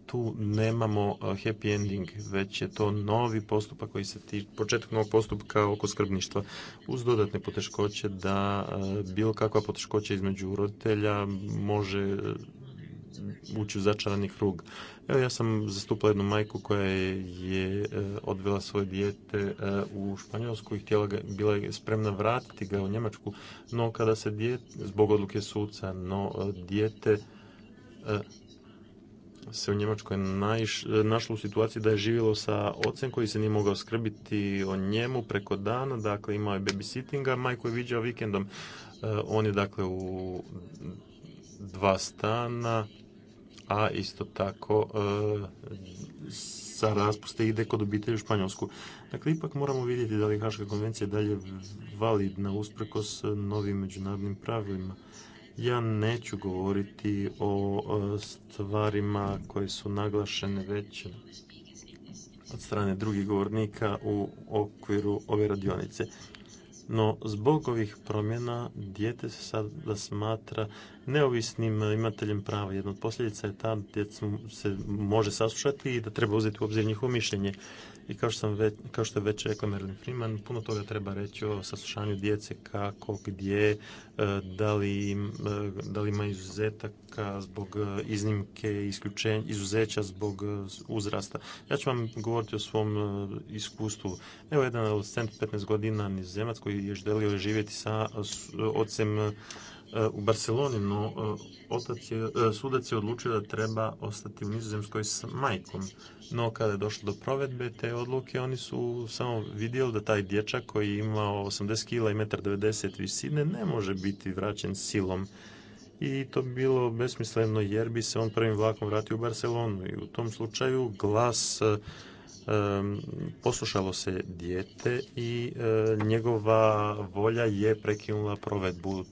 tu nemamo e, happy ending, već je to novi postupak koji se tiče, početak novog postupka oko skrbništva uz dodatne poteškoće da e, bilo kakva poteškoća između roditelja može ući u začarani krug. Evo ja sam zastupala jednu majku koja je e, odvela svoje dijete e, u Španjolsku i htjela ga, bila je spremna vratiti ga u Njemačku, no kada se dijete, zbog odluke suca, no e, dijete se u Njemačkoj našlo u situaciji da je živjelo sa ocem koji se nije mogao skrbiti o njemu preko dana, dakle imao je babysittinga, majku je viđao vikendom. On je dakle u dva stana, a isto tako e, sa raspuste ide kod obitelji u Španjolsku. Dakle, ipak moramo vidjeti da li Haška konvencija je dalje validna usprkos novim međunarodnim pravilima. Ja neću govoriti o e, stvarima koje su naglašene već od strane drugih govornika u okviru ove radionice. No, zbog ovih promjena dijete se sada smatra neovisnim imateljem prava. Jedna od posljedica je ta djecu se može saslušati i da treba uzeti u obzir njihovo mišljenje. I kao što, sam već, kao je već rekla Merlin Freeman, puno toga treba reći o saslušanju djece, kako, gdje, e, da li, e, ima izuzetaka zbog e, iznimke, isključenja, izuzeća zbog uzrasta. Ja ću vam govoriti o svom iskustvu. Evo jedan adolescent 15 godina nizemac koji je želio živjeti sa ocem E, u Barceloni, no e, e, sudac je odlučio da treba ostati u Nizozemskoj s majkom. No kada je došlo do provedbe te odluke, oni su samo vidjeli da taj dječak koji ima imao 80 kila i 1,90 visine ne može biti vraćen silom. I to bi bilo besmisleno jer bi se on prvim vlakom vratio u Barcelonu i u tom slučaju glas poslušalo se dijete i e, njegova volja je prekinula provedbu e,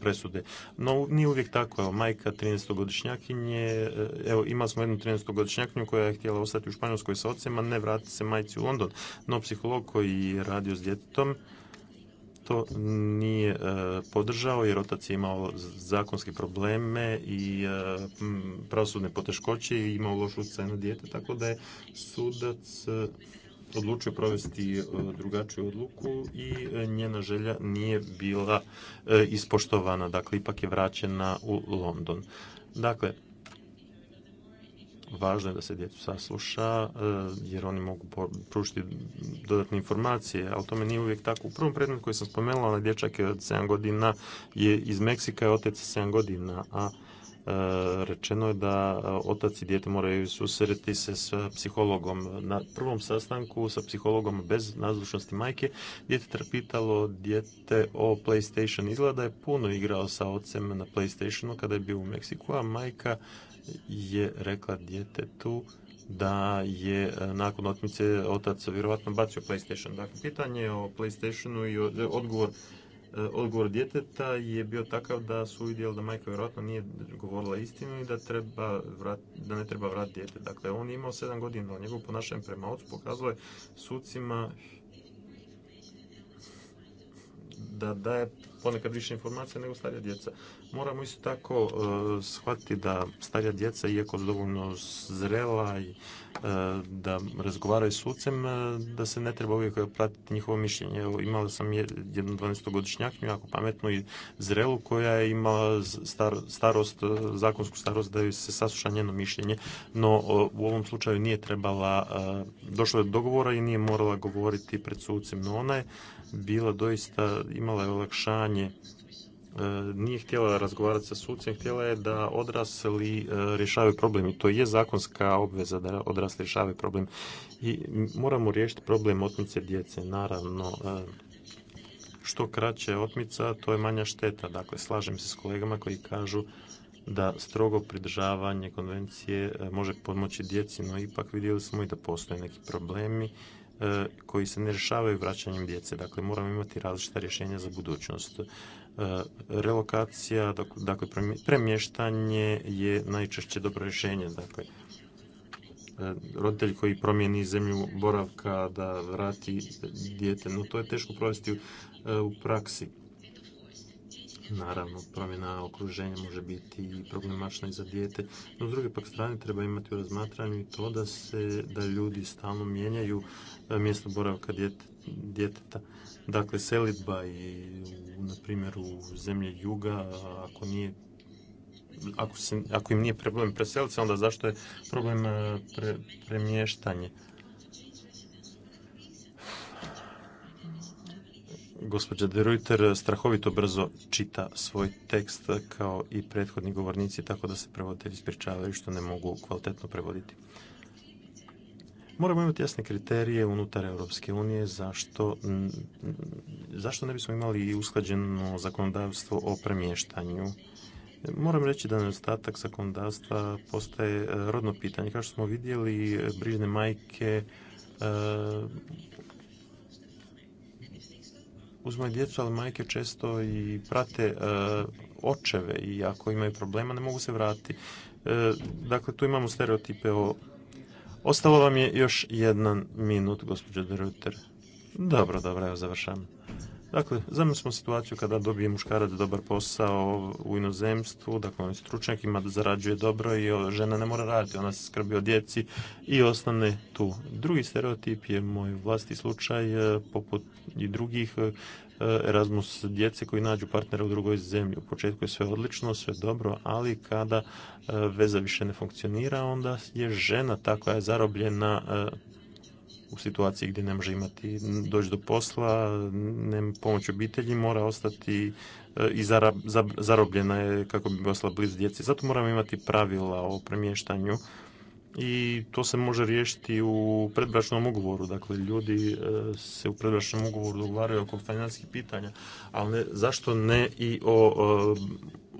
presude. No, nije uvijek tako. majka 13-godišnjakinje, e, evo, imali smo jednu 13-godišnjakinju koja je htjela ostati u Španjolskoj sa ocem, ne vratiti se majci u London. No, psiholog koji je radio s djetetom, to nije e, podržao jer otac je imao zakonske probleme i e, pravosudne poteškoće i imao lošu utjecaj na dijete, tako da je sudac e, odlučio provesti drugačiju odluku i njena želja nije bila ispoštovana, dakle ipak je vraćena u London. Dakle, važno je da se djecu sasluša e, jer oni mogu pružiti dodatne informacije, ali tome nije uvijek tako. U prvom predmetu koji sam spomenula, na dječak je od 7 godina, je iz Meksika je otec 7 godina, a e, rečeno je da e, otac i dijete moraju susreti se s psihologom. Na prvom sastanku sa psihologom bez nazočnosti majke dijete trpitalo dijete o PlayStation. Izgleda da je puno igrao sa ocem na PlayStationu kada je bio u Meksiku, a majka je rekla djetetu da je e, nakon otmice otac vjerovatno bacio PlayStation. Dakle, pitanje o PlayStationu i e, odgovor e, odgovor djeteta je bio takav da su uvidjeli da majka vjerojatno nije govorila istinu i da, treba da ne treba vratiti djete. Dakle, on je imao sedam godina, ali njegovo ponašanje prema ocu pokazalo je sucima da daje ponekad više informacija nego starija djeca. Moramo isto tako e, shvatiti da starija djeca, iako su dovoljno zrela i e, da razgovaraju s sucem, e, da se ne treba uvijek pratiti njihovo mišljenje. Evo, imala sam jednu 12-godišnjaknju, jako pametnu i zrelu, koja je imala starost, zakonsku starost da joj se sasluša njeno mišljenje, no u ovom slučaju nije trebala, došlo je do dogovora i nije morala govoriti pred sucem, no ona je bila doista, imala je olakšanje E, nije htjela razgovarati sa sucem, htjela je da odrasli e, rješavaju problem i to je zakonska obveza da odrasli rješavaju problem. I moramo riješiti problem otmice djece, naravno e, što kraće otmica, to je manja šteta. Dakle, slažem se s kolegama koji kažu da strogo pridržavanje konvencije može pomoći djeci, no ipak vidjeli smo i da postoje neki problemi koji se ne rješavaju vraćanjem djece. Dakle, moramo imati različita rješenja za budućnost. E, relokacija, dakle premještanje je najčešće dobro rješenje. Dakle, e, roditelj koji promijeni zemlju boravka da vrati dijete, no to je teško provesti u e, praksi. Naravno, promjena okruženja može biti problemačna i za dijete, no s druge pak strane treba imati u razmatranju i to da se da ljudi stalno mijenjaju mjesto boravka djeteta. Dakle, selitba i, na primjer, u zemlje juga, ako nije ako, se, ako im nije problem preseliti onda zašto je problem e, premještanje? Gospođa de Reuter strahovito brzo čita svoj tekst kao i prethodni govornici, tako da se prevoditelji ispričavaju što ne mogu kvalitetno prevoditi. Moramo imati jasne kriterije unutar Europske unije zašto, zašto ne bismo imali usklađeno zakonodavstvo o premještanju. Moram reći da nedostatak zakonodavstva postaje e, rodno pitanje. Kao što smo vidjeli, brižne majke uh, e, uzmaju djecu, ali majke često i prate e, očeve i ako imaju problema ne mogu se vratiti. Dakle, tu imamo stereotipe o Ostalo vam je još jedan minut, gospođo Druter. Dobro, dobro, evo završavam. Dakle, zamislimo smo situaciju kada dobije muškarac dobar posao u inozemstvu, dakle on je stručnjak, ima da zarađuje dobro i žena ne mora raditi, ona se skrbi o djeci i ostane tu. Drugi stereotip je moj vlasti slučaj, e, poput i drugih, e, Erasmus djece koji nađu partnera u drugoj zemlji. U početku je sve odlično, sve dobro, ali kada e, veza više ne funkcionira, onda je žena ta koja je zarobljena e, u situaciji gdje ne može imati doći do posla, nema pomoć obitelji, mora ostati e, i zarobljena je kako bi ostala blizu djeci. Zato moramo imati pravila o premještanju i to se može riješiti u predbračnom ugovoru. Dakle, ljudi e, se u predbračnom ugovoru dogovaraju oko financijskih pitanja, ali ne, zašto ne i o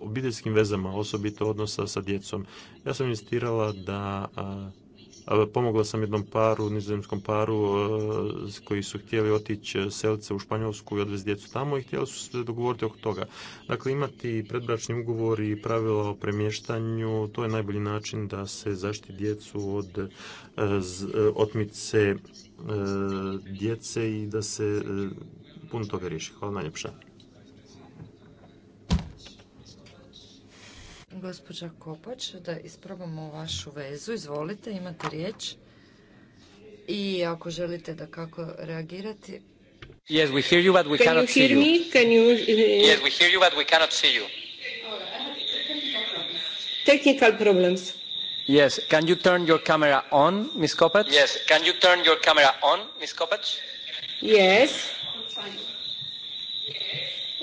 obiteljskim vezama, osobito odnosa sa djecom. Ja sam insistirala da Pomogla sam jednom paru, nizozemskom paru e, koji su htjeli otići e, selce u Španjolsku i odvesti djecu tamo i htjeli su se dogovoriti oko toga. Dakle, imati predbračni ugovor i pravila o premještanju, to je najbolji način da se zaštiti djecu od e, otmice djece i da se puno toga riješi. Hvala najljepša. Gospođa Kopač, da isprobamo vašu vezu. Izvolite, imate riječ. I ako želite da kako reagirati... Yes, we hear you, but we Can cannot you hear see you. Can you... Uh, yes, we hear you, but we cannot see you. Technical problems. Yes, can you turn your camera on, Ms. Kopac? Yes, can you turn your camera on, Ms. Kopac? Yes.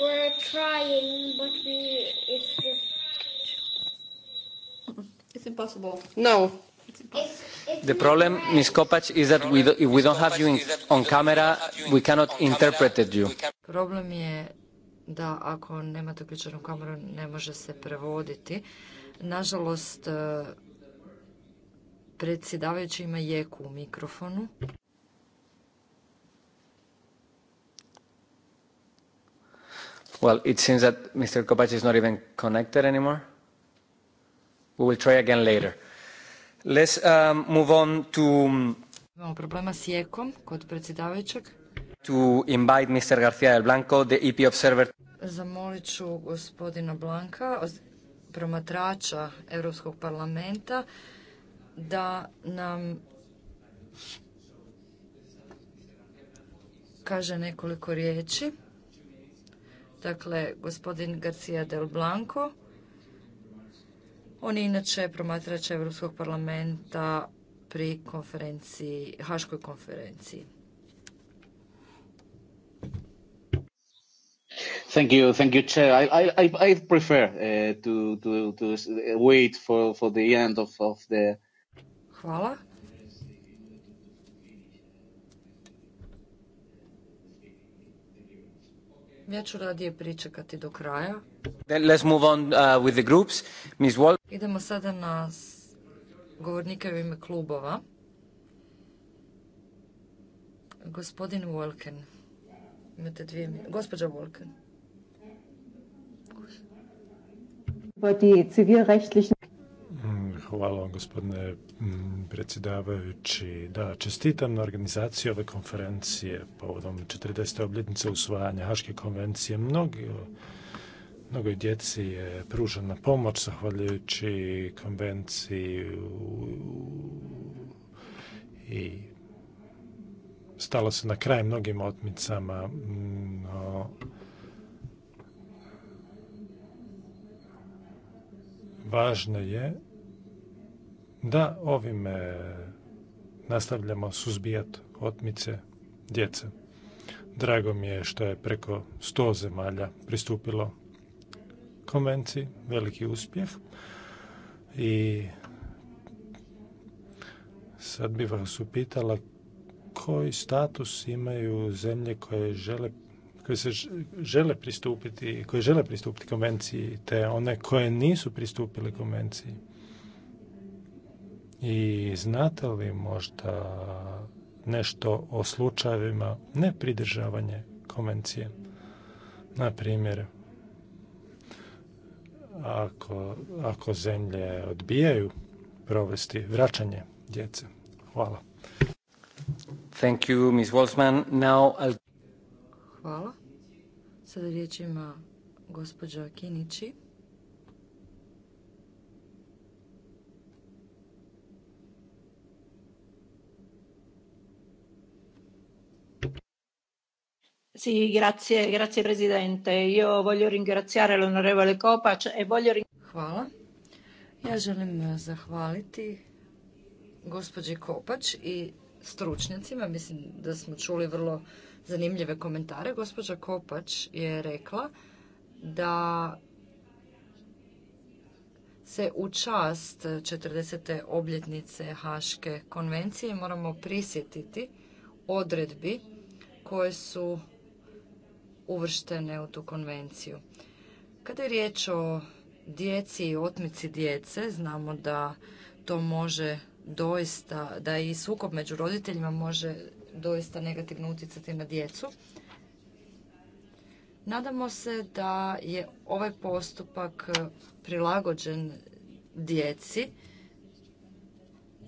We're trying, but we, it's just impossible. No. It's impossible. The problem, Ms. Kopacz, is that we do, if we don't have you in, on camera, we cannot interpret you. Problem je da ako nemate uključenu kameru ne može se prevoditi. Nažalost, eh, predsjedavajući ima jeku u mikrofonu. Well, it seems that Mr. Kopacz is not even connected anymore. We will try again later. Let's um, move on to... Um, Imamo problema s jekom kod predsjedavajućeg. To invite Mr. García del Blanco, the EP observer. Zamolit ću gospodina Blanka, promatrača Europskog parlamenta, da nam kaže nekoliko riječi. Dakle, gospodin García del Blanco on je inače promatrač Europskog parlamenta pri konferenciji, Haškoj konferenciji. Thank you, thank you, Chair. I, I, I prefer uh, to, to, to uh, wait for, for the end of, of the... Hvala. Ja ću radije pričekati do kraja let's move on uh, Idemo sada na govornike u ime klubova. Gospodin Wolken. Imate dvije minute. Gospođa Wolken. Pa mm, hvala vam, gospodine mm, predsjedavajući. Da, čestitam na organizaciji ove konferencije povodom 40. obljetnice usvajanja Haške konvencije. Mnogi Mnogoj djeci je pružena pomoć zahvaljujući konvenciji i stalo se na kraj mnogim otmicama, no važno je da ovime nastavljamo suzbijati otmice djece. Drago mi je što je preko 100 zemalja pristupilo konvenciji, veliki uspjeh i sad bi vas upitala koji status imaju zemlje koje žele koje se žele pristupiti, koje žele pristupiti konvenciji, te one koje nisu pristupile konvenciji. I znate li možda nešto o slučajevima nepridržavanje konvencije? Na primjer, ako, ako zemlje odbijaju provesti vraćanje djece. Hvala. Thank you, Ms. Now Hvala. Sada riječ ima gospođa Kinići. Sì, grazie, grazie Presidente. Io voglio ringraziare l'onorevole Kopac e voglio... Hvala. Ja želim eh, zahvaliti gospođi Kopač i stručnjacima. Mislim da smo čuli vrlo zanimljive komentare. Gospođa Kopač je rekla da se u čast 40. obljetnice Haške konvencije moramo prisjetiti odredbi koje su uvrštene u tu konvenciju. Kada je riječ o djeci i otmici djece, znamo da to može doista, da i sukob među roditeljima može doista negativno utjecati na djecu. Nadamo se da je ovaj postupak prilagođen djeci.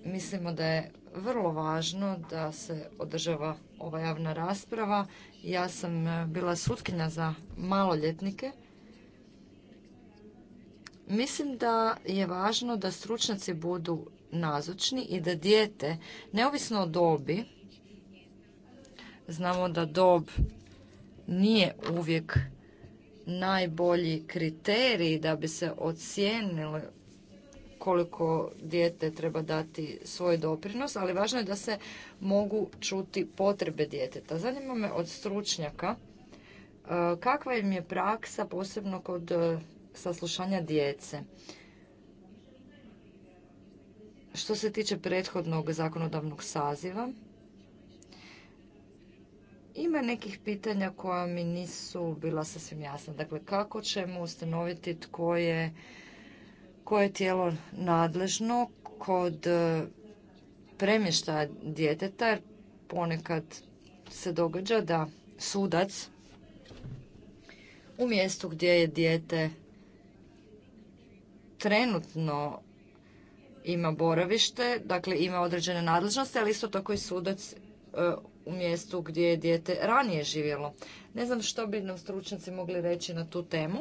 Mislimo da je vrlo važno da se održava ova javna rasprava ja sam e, bila sutkinja za maloljetnike. Mislim da je važno da stručnjaci budu nazočni i da dijete, neovisno o dobi, znamo da dob nije uvijek najbolji kriterij da bi se ocijenilo koliko dijete treba dati svoj doprinos, ali važno je da se mogu čuti potrebe djeteta. Zanima me od stručnjaka e, kakva im je praksa posebno kod e, saslušanja djece. Što se tiče prethodnog zakonodavnog saziva, ima nekih pitanja koja mi nisu bila sasvim jasna. Dakle, kako ćemo ustanoviti tko je koje je tijelo nadležno kod e, premještaja djeteta, jer ponekad se događa da sudac u mjestu gdje je dijete trenutno ima boravište, dakle ima određene nadležnosti, ali isto tako i sudac e, u mjestu gdje je dijete ranije živjelo. Ne znam što bi nam stručnjaci mogli reći na tu temu.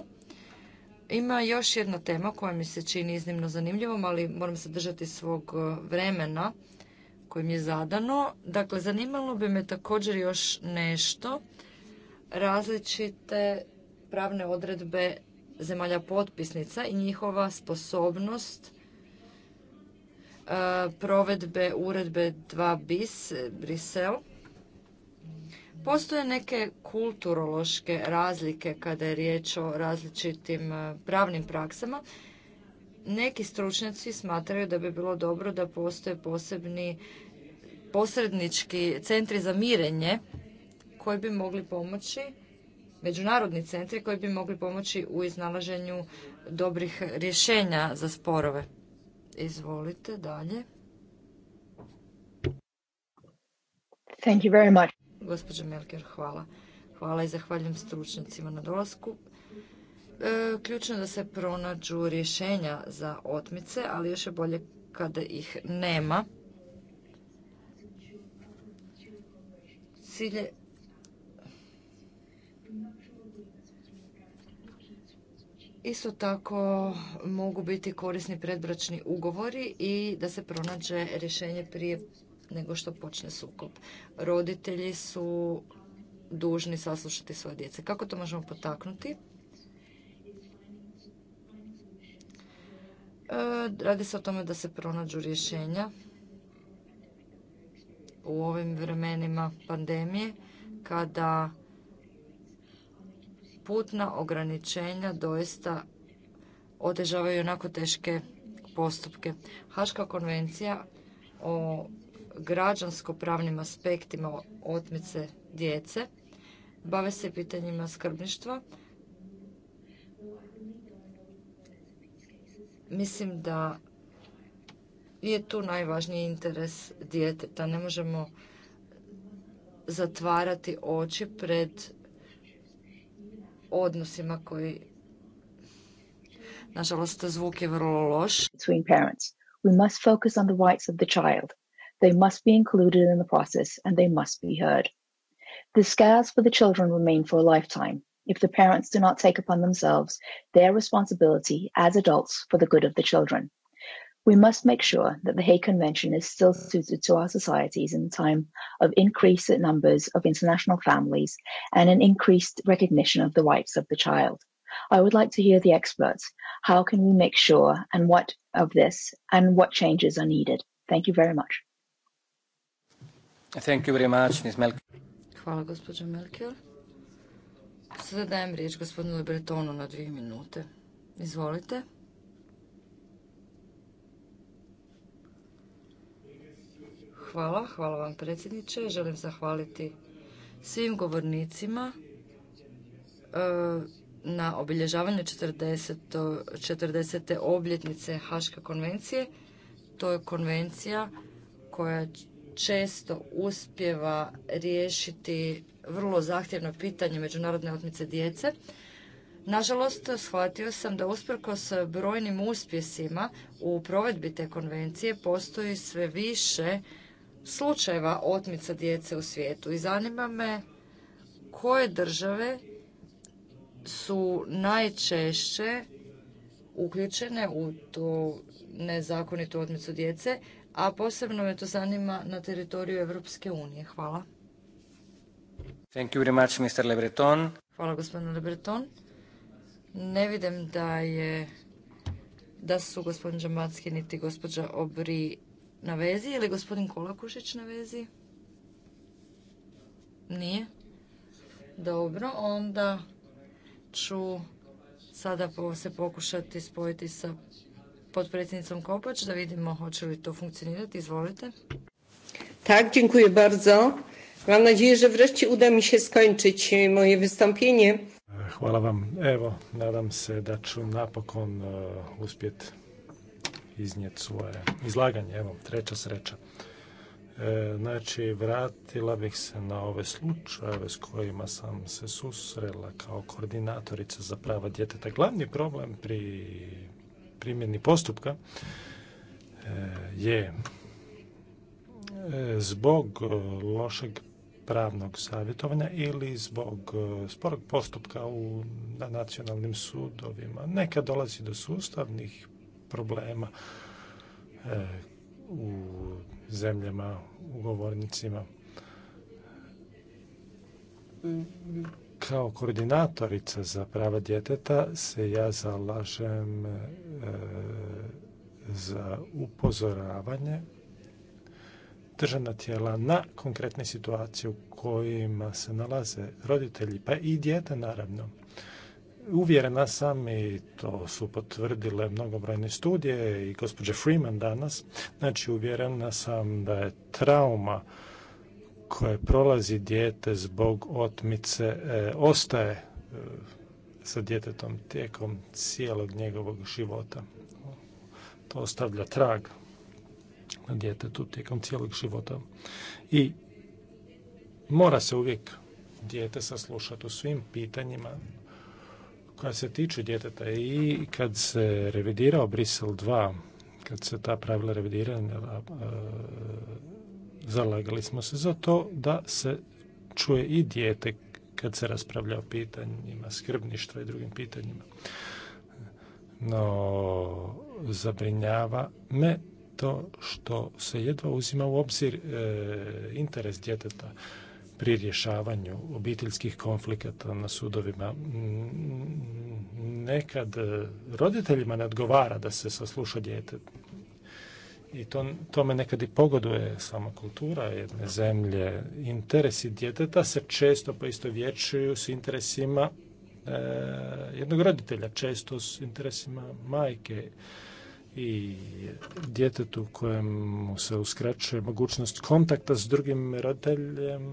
Ima još jedna tema koja mi se čini iznimno zanimljivom, ali moram se držati svog e, vremena mi je zadano. Dakle, zanimalo bi me također još nešto. Različite pravne odredbe zemalja potpisnica i njihova sposobnost e, provedbe uredbe 2 bis Brisel Postoje neke kulturološke razlike kada je riječ o različitim e, pravnim praksama. Neki stručnjaci smatraju da bi bilo dobro da postoje posebni posrednički centri za mirenje koji bi mogli pomoći, međunarodni centri koji bi mogli pomoći u iznalaženju dobrih rješenja za sporove. Izvolite dalje. Thank you very much. Gospođa Melker, hvala. Hvala i zahvaljujem stručnjacima na dolasku. E, ključno je da se pronađu rješenja za otmice, ali još je bolje kada ih nema. Cilje Isto tako mogu biti korisni predbračni ugovori i da se pronađe rješenje prije nego što počne sukob. Roditelji su dužni saslušati svoje djece. Kako to možemo potaknuti? E, radi se o tome da se pronađu rješenja u ovim vremenima pandemije kada putna ograničenja doista otežavaju onako teške postupke. Haška konvencija o građansko-pravnim aspektima otmice djece, bave se pitanjima skrbništva. Mislim da je tu najvažniji interes djeteta. Ne možemo zatvarati oči pred odnosima koji nažalost zvuk je vrlo loš. on the of the child They must be included in the process and they must be heard. The scars for the children remain for a lifetime if the parents do not take upon themselves their responsibility as adults for the good of the children. We must make sure that the Hague Convention is still suited to our societies in time of increased numbers of international families and an increased recognition of the rights of the child. I would like to hear the experts. How can we make sure and what of this and what changes are needed? Thank you very much. Hvala, gospođo Merkel. Sada dajem riječ gospodinu Bretonu na dvije minute. Izvolite. Hvala, hvala vam predsjedniče. Želim zahvaliti svim govornicima e, na obilježavanju 40. 40. obljetnice Haške konvencije. To je konvencija koja često uspjeva riješiti vrlo zahtjevno pitanje međunarodne otmice djece. Nažalost, shvatio sam da usprkos brojnim uspjesima u provedbi te konvencije postoji sve više slučajeva otmica djece u svijetu i zanima me koje države su najčešće uključene u tu nezakonitu otmicu djece a posebno me to zanima na teritoriju Europske unije. Hvala. Thank you very much, Mr. Le Breton. Hvala gospodine Le Breton. Ne vidim da je da su gospodin Matski niti gospođa Obri na vezi ili gospodin Kolakušić na vezi? Nije? Dobro, onda ću sada se pokušati spojiti sa podpredsjednicom Kopač da vidimo hoće li to funkcionirati. Izvolite. Tak, dziękuję bardzo. Mam nadzieję, że wreszcie uda mi się skończyć e, moje wystąpienie. Hvala vam. Evo, nadam se da ću napokon uh, uspjet iznijeti svoje izlaganje. Evo, treća sreća. E, znači, vratila bih se na ove slučajeve s kojima sam se susrela kao koordinatorica za prava djeteta. Glavni problem pri primjeni postupka e, je e, zbog e, lošeg pravnog savjetovanja ili zbog sporog postupka u, na nacionalnim sudovima. Neka dolazi do sustavnih problema u zemljama, govornicima. Kao koordinatorica za prava djeteta se ja zalažem e, za upozoravanje državna tijela na konkretne situacije u kojima se nalaze roditelji, pa i djete naravno. Uvjerena sam i to su potvrdile mnogobrojne studije i gospođe Freeman danas. Znači, uvjerena sam da je trauma koje prolazi dijete zbog otmice e, ostaje e, sa djetetom tijekom cijelog njegovog života. To ostavlja trag na djetetu tijekom cijelog života. I mora se uvijek dijete saslušati u svim pitanjima koja se tiču djeteta i kad se revidirao Brisel 2, kad se ta pravila revidirala zalagali smo se za to da se čuje i dijete kad se raspravlja o pitanjima skrbništva i drugim pitanjima. No, zabrinjava me to što se jedva uzima u obzir e, interes djeteta pri rješavanju obiteljskih konflikata na sudovima. Nekad e, roditeljima ne odgovara da se sasluša dijete i to, tome nekad i pogoduje sama kultura jedne zemlje. Interesi djeteta se često vječuju s interesima e, jednog roditelja, često s interesima majke i djetetu kojemu se uskraćuje mogućnost kontakta s drugim roditeljem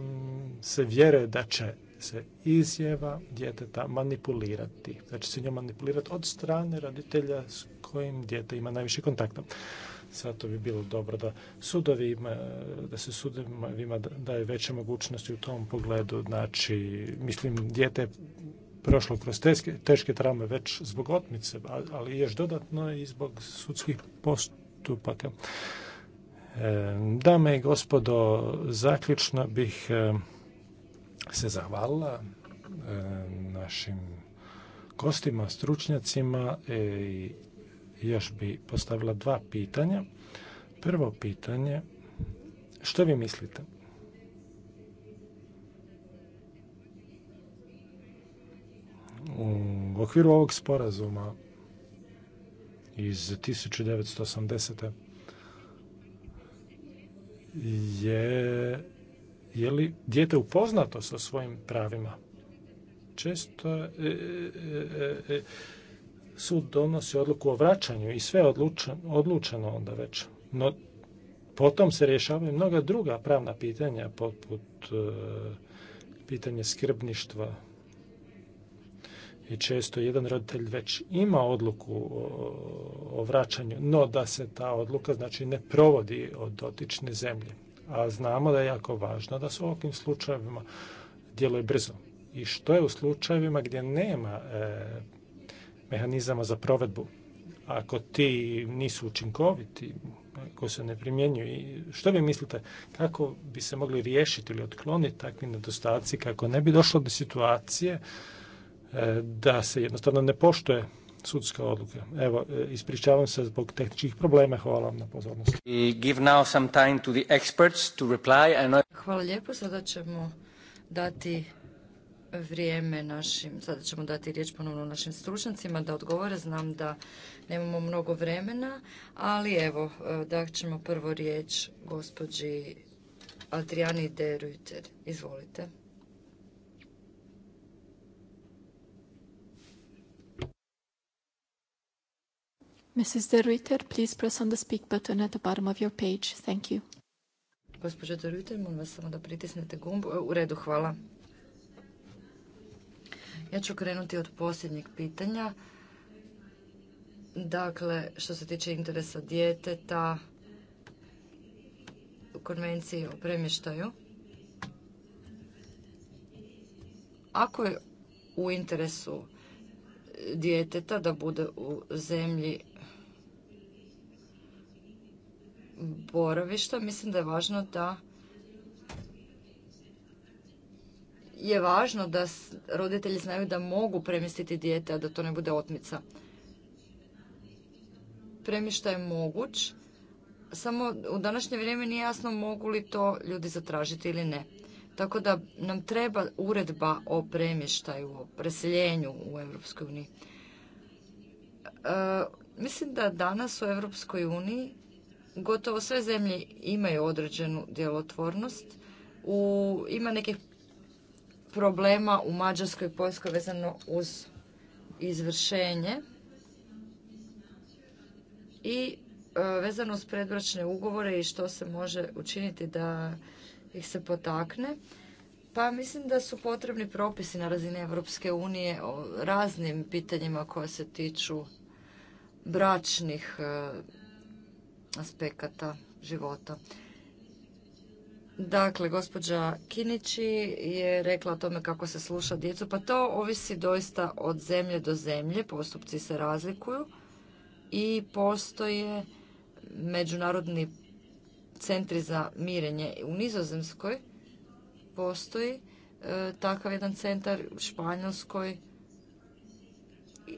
se vjeruje da će se izjeva djeteta manipulirati, da će se njom manipulirati od strane roditelja s kojim dijete ima najviše kontakta. Zato bi bilo dobro da sudovima, da se sudovima je veće mogućnosti u tom pogledu. Znači, mislim, dijete prošlo kroz teške, teške traume već zbog otmice, ali još dodatno i zbog sudskih postupaka. E, dame i gospodo, zaključno bih e, se zahvalila e, našim gostima, stručnjacima i još bi postavila dva pitanja. Prvo pitanje, što vi mislite? U okviru ovog sporazuma iz 1980. je je li dijete upoznato sa svojim pravima? Često e, e, e, e sud donosi odluku o vraćanju i sve je odlučeno onda već. No, potom se rješavaju mnoga druga pravna pitanja, poput e, pitanje skrbništva. I često jedan roditelj već ima odluku o vraćanju, no da se ta odluka znači ne provodi od dotične zemlje. A znamo da je jako važno da se u ovakvim slučajevima djeluje brzo. I što je u slučajevima gdje nema e, mehanizama za provedbu. Ako ti nisu učinkoviti, ako se ne primjenjuju, što vi mislite, kako bi se mogli riješiti ili otkloniti takvi nedostaci, kako ne bi došlo do situacije e, da se jednostavno ne poštuje sudska odluka. Evo, e, ispričavam se zbog tehničkih problema. Hvala vam na pozornosti. Hvala lijepo. Sada ćemo dati vrijeme našim, sada ćemo dati riječ ponovno našim stručnjacima da odgovore. Znam da nemamo mnogo vremena, ali evo, e, da ćemo prvo riječ gospođi Adriani de Ruiter. Izvolite. Mrs. de Ruiter, please press on the speak button at the bottom of your page. Thank you. Gospođo de molim vas samo da pritisnete gumb. E, u redu, hvala. Ja ću krenuti od posljednjeg pitanja. Dakle, što se tiče interesa djeteta u konvenciji o premještaju, ako je u interesu djeteta da bude u zemlji boravišta, mislim da je važno da je važno da roditelji znaju da mogu premjestiti dijete, a da to ne bude otmica. Premještaj je moguć, samo u današnje vrijeme nije jasno mogu li to ljudi zatražiti ili ne. Tako da nam treba uredba o premještaju, o preseljenju u EU. uniji. E, mislim da danas u EU uniji gotovo sve zemlje imaju određenu djelotvornost. U, ima nekih problema u Mađarskoj i Poljskoj vezano uz izvršenje i e, vezano uz predbračne ugovore i što se može učiniti da ih se potakne. Pa mislim da su potrebni propisi na razini Europske unije o raznim pitanjima koja se tiču bračnih e, aspekata života. Dakle, gospođa Kinići je rekla o tome kako se sluša djecu, pa to ovisi doista od zemlje do zemlje, postupci se razlikuju i postoje međunarodni centri za mirenje. U Nizozemskoj postoji e, takav jedan centar, u Španjolskoj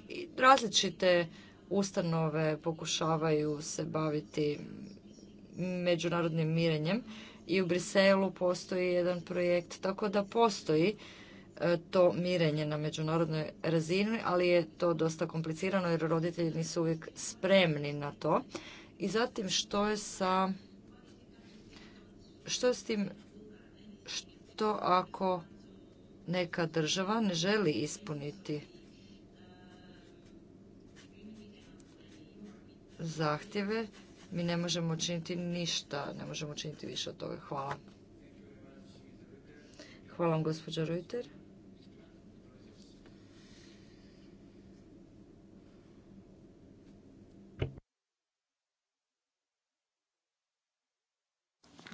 i različite ustanove pokušavaju se baviti međunarodnim mirenjem i u Briselu postoji jedan projekt, tako da postoji e, to mirenje na međunarodnoj razini, ali je to dosta komplicirano jer roditelji nisu uvijek spremni na to. I zatim što je sa što je s tim što ako neka država ne želi ispuniti zahtjeve mi ne možemo učiniti ništa, ne možemo učiniti više od toga. Hvala. Hvala vam, gospođa Reuter.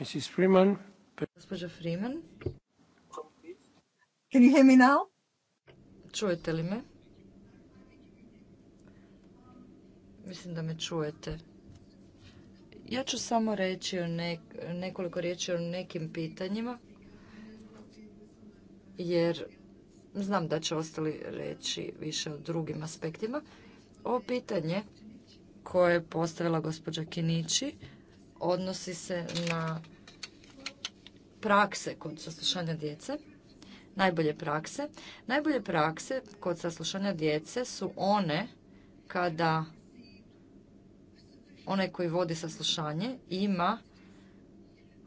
Mrs. Freeman. Gospođa Freeman. Can you hear me now? Čujete li me? Mislim da me čujete. Ja ću samo reći nekoliko riječi o nekim pitanjima, jer znam da će ostali reći više o drugim aspektima. Ovo pitanje koje je postavila gospođa Kinići odnosi se na prakse kod saslušanja djece. Najbolje prakse. Najbolje prakse kod saslušanja djece su one kada onaj koji vodi saslušanje ima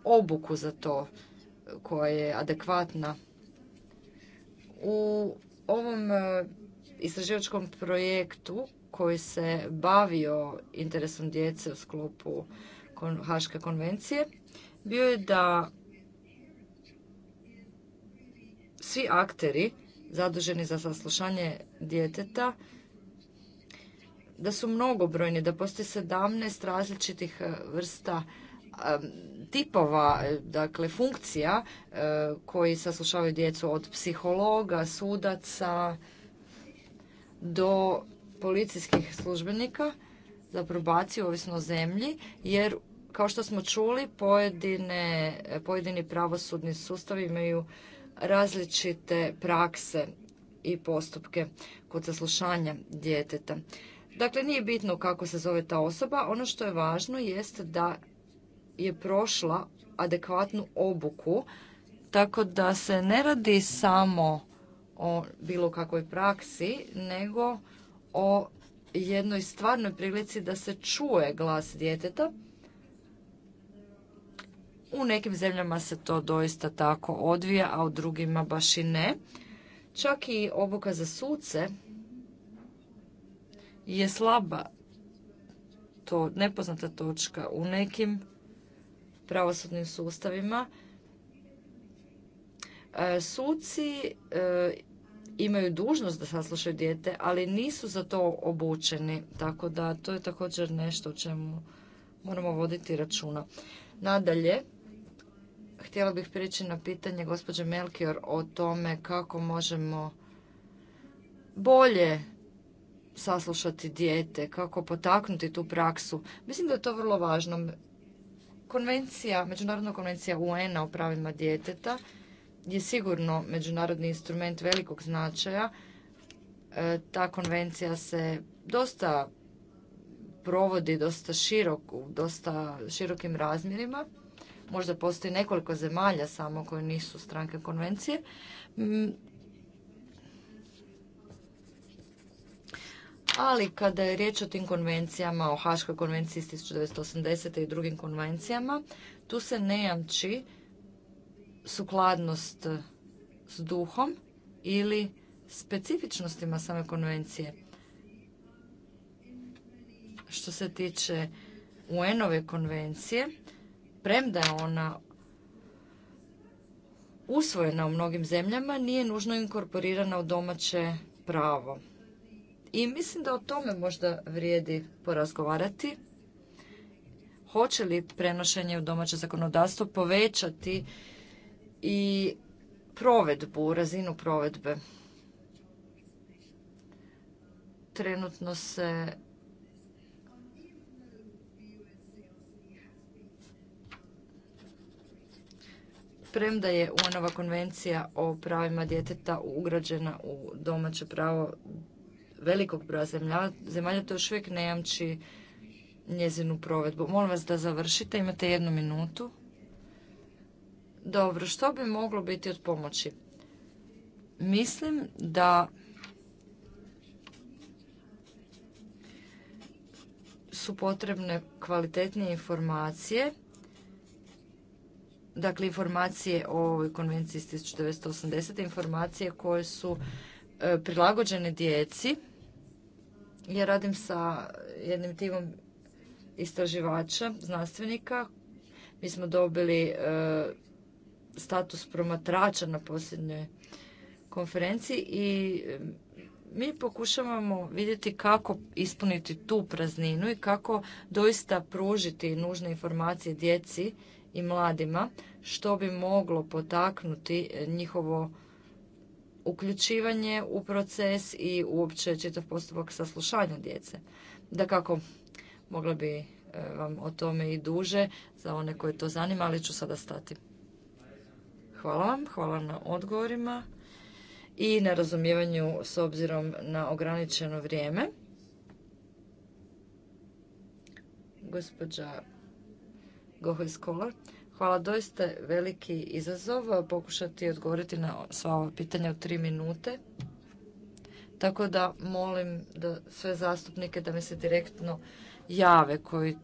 obuku za to koja je adekvatna. U ovom e, istraživačkom projektu koji se bavio interesom djece u sklopu Haške konvencije bio je da svi akteri zaduženi za saslušanje djeteta da su mnogobrojni, da postoji 17 različitih e, vrsta tipova, e, dakle funkcija e, koji saslušavaju djecu od psihologa, sudaca do policijskih službenika za probaciju ovisno o zemlji, jer kao što smo čuli pojedine, pojedini pravosudni sustavi imaju različite prakse i postupke kod saslušanja djeteta. Dakle, nije bitno kako se zove ta osoba. Ono što je važno jest da je prošla adekvatnu obuku, tako da se ne radi samo o bilo kakvoj praksi, nego o jednoj stvarnoj prilici da se čuje glas djeteta. U nekim zemljama se to doista tako odvija, a u drugima baš i ne. Čak i obuka za suce je slaba to nepoznata točka u nekim pravosudnim sustavima. E, suci e, imaju dužnost da saslušaju dijete, ali nisu za to obučeni, tako da to je također nešto o čemu moramo voditi računa. Nadalje, htjela bih prići na pitanje gospođe Melkior o tome kako možemo bolje saslušati dijete, kako potaknuti tu praksu. Mislim da je to vrlo važno. Konvencija, Međunarodna konvencija UN-a o pravima djeteta je sigurno međunarodni instrument velikog značaja. E, ta konvencija se dosta provodi dosta širok, u dosta širokim razmjerima. Možda postoji nekoliko zemalja samo koje nisu stranke konvencije. ali kada je riječ o tim konvencijama, o Haškoj konvenciji iz 1980. i drugim konvencijama, tu se ne jamči sukladnost s duhom ili specifičnostima same konvencije. Što se tiče UN-ove konvencije, premda je ona usvojena u mnogim zemljama, nije nužno inkorporirana u domaće pravo. I mislim da o tome možda vrijedi porazgovarati. Hoće li prenošenje u domaće zakonodavstvo povećati i provedbu, razinu provedbe? Trenutno se premda je un konvencija o pravima djeteta ugrađena u domaće pravo velikog broja zemlja, zemalja to još uvijek ne jamči njezinu provedbu. Molim vas da završite, imate jednu minutu. Dobro, što bi moglo biti od pomoći? Mislim da su potrebne kvalitetnije informacije, dakle informacije o ovoj konvenciji iz 1980. informacije koje su e, prilagođene djeci ja radim sa jednim timom istraživača, znanstvenika. Mi smo dobili e, status promatrača na posljednjoj konferenciji i e, mi pokušavamo vidjeti kako ispuniti tu prazninu i kako doista pružiti nužne informacije djeci i mladima što bi moglo potaknuti njihovo uključivanje u proces i uopće čitav postupak saslušanja djece. Da kako, mogla bi e, vam o tome i duže za one koje to zanima, ali ću sada stati. Hvala vam, hvala na odgovorima i na razumijevanju s obzirom na ograničeno vrijeme. Gospođa Gohoj Hvala, doista veliki izazov pokušati odgovoriti na sva ova pitanja u tri minute. Tako da molim da sve zastupnike da mi se direktno jave koji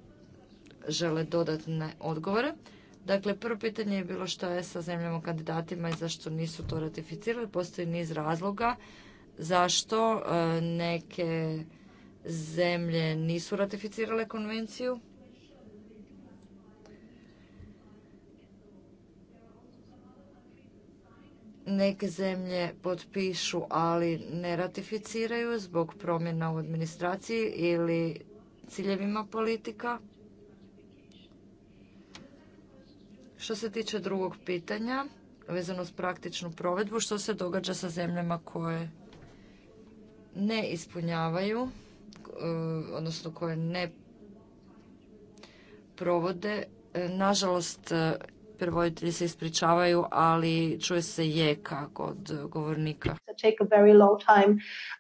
žele dodatne odgovore. Dakle, prvo pitanje je bilo što je sa zemljama kandidatima i zašto nisu to ratificirali. Postoji niz razloga zašto e, neke zemlje nisu ratificirale konvenciju. neke zemlje potpišu, ali ne ratificiraju zbog promjena u administraciji ili ciljevima politika. Što se tiče drugog pitanja, vezano s praktičnu provedbu, što se događa sa zemljama koje ne ispunjavaju, e, odnosno koje ne provode. E, nažalost, prevoditelji se ispričavaju, ali čuje se jeka od govornika. Take a very long time.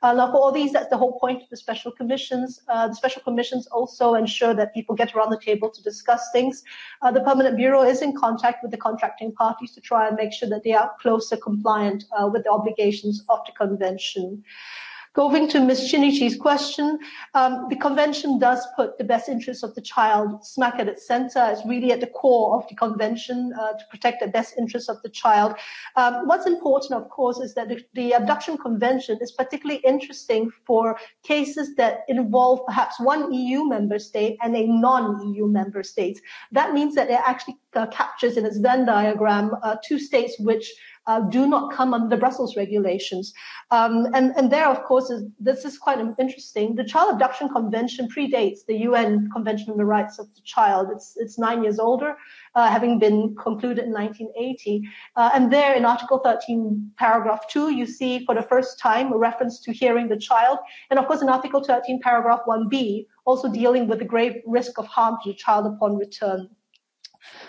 Uh, now for all these, that's the whole point of the special commissions. Uh, the special commissions also ensure that people get around the table to discuss things. Uh, the permanent bureau is in contact with the contracting parties to try and make sure that they are closer compliant uh, with the obligations of the convention. Going to Ms. Chinichi's question, um, the convention does put the best interests of the child smack at its center. It's really at the core of the convention uh, to protect the best interests of the child. Um, what's important, of course, is that the, the abduction convention is particularly interesting for cases that involve perhaps one EU member state and a non-EU member state. That means that it actually uh, captures in its Venn diagram uh, two states which uh, do not come under the Brussels regulations. Um, and, and there, of course, is, this is quite interesting. The Child Abduction Convention predates the UN Convention on the Rights of the Child. It's, it's nine years older, uh, having been concluded in 1980. Uh, and there, in Article 13, paragraph 2, you see for the first time a reference to hearing the child. And of course, in Article 13, paragraph 1b, also dealing with the grave risk of harm to the child upon return.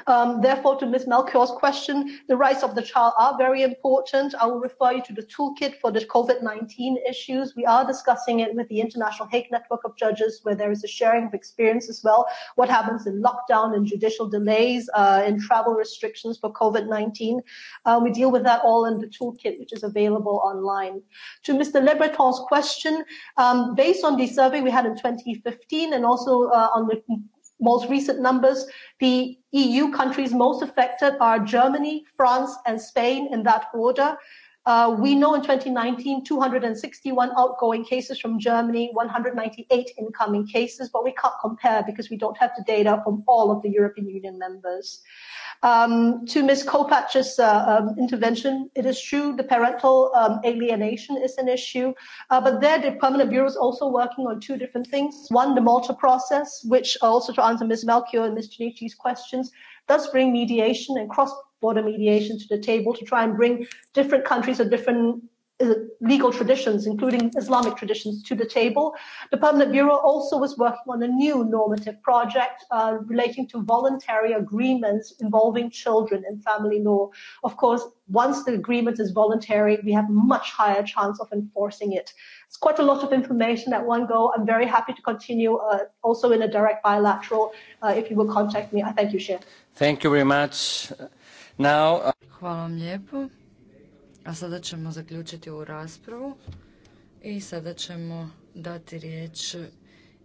Um, therefore, to Ms. Melchior's question, the rights of the child are very important. I will refer you to the toolkit for the COVID-19 issues. We are discussing it with the International Hague Network of Judges, where there is a sharing of experience as well. What happens in lockdown and judicial delays, uh, in travel restrictions for COVID-19. Uh, we deal with that all in the toolkit, which is available online. To Mr. Lebreton's question, um, based on the survey we had in 2015 and also uh, on the most recent numbers, the EU countries most affected are Germany, France, and Spain in that order. Uh, we know in 2019, 261 outgoing cases from Germany, 198 incoming cases, but we can't compare because we don't have the data from all of the European Union members. Um, to Ms. Kopach's uh, um, intervention, it is true the parental um, alienation is an issue, uh, but there the Permanent Bureau is also working on two different things. One, the Malta process, which also to answer Ms. Melchior and Ms. Janici's questions, does bring mediation and cross border mediation to the table to try and bring different countries of different Uh, legal traditions, including Islamic traditions, to the table. The Permanent Bureau also was working on a new normative project uh, relating to voluntary agreements involving children in family law. Of course, once the agreement is voluntary, we have much higher chance of enforcing it. It's quite a lot of information at one go. I'm very happy to continue uh, also in a direct bilateral uh, if you will contact me. I thank you, Chair. Thank you very much. Now, uh... Hvala vam a sada ćemo zaključiti ovu raspravu i sada ćemo dati riječ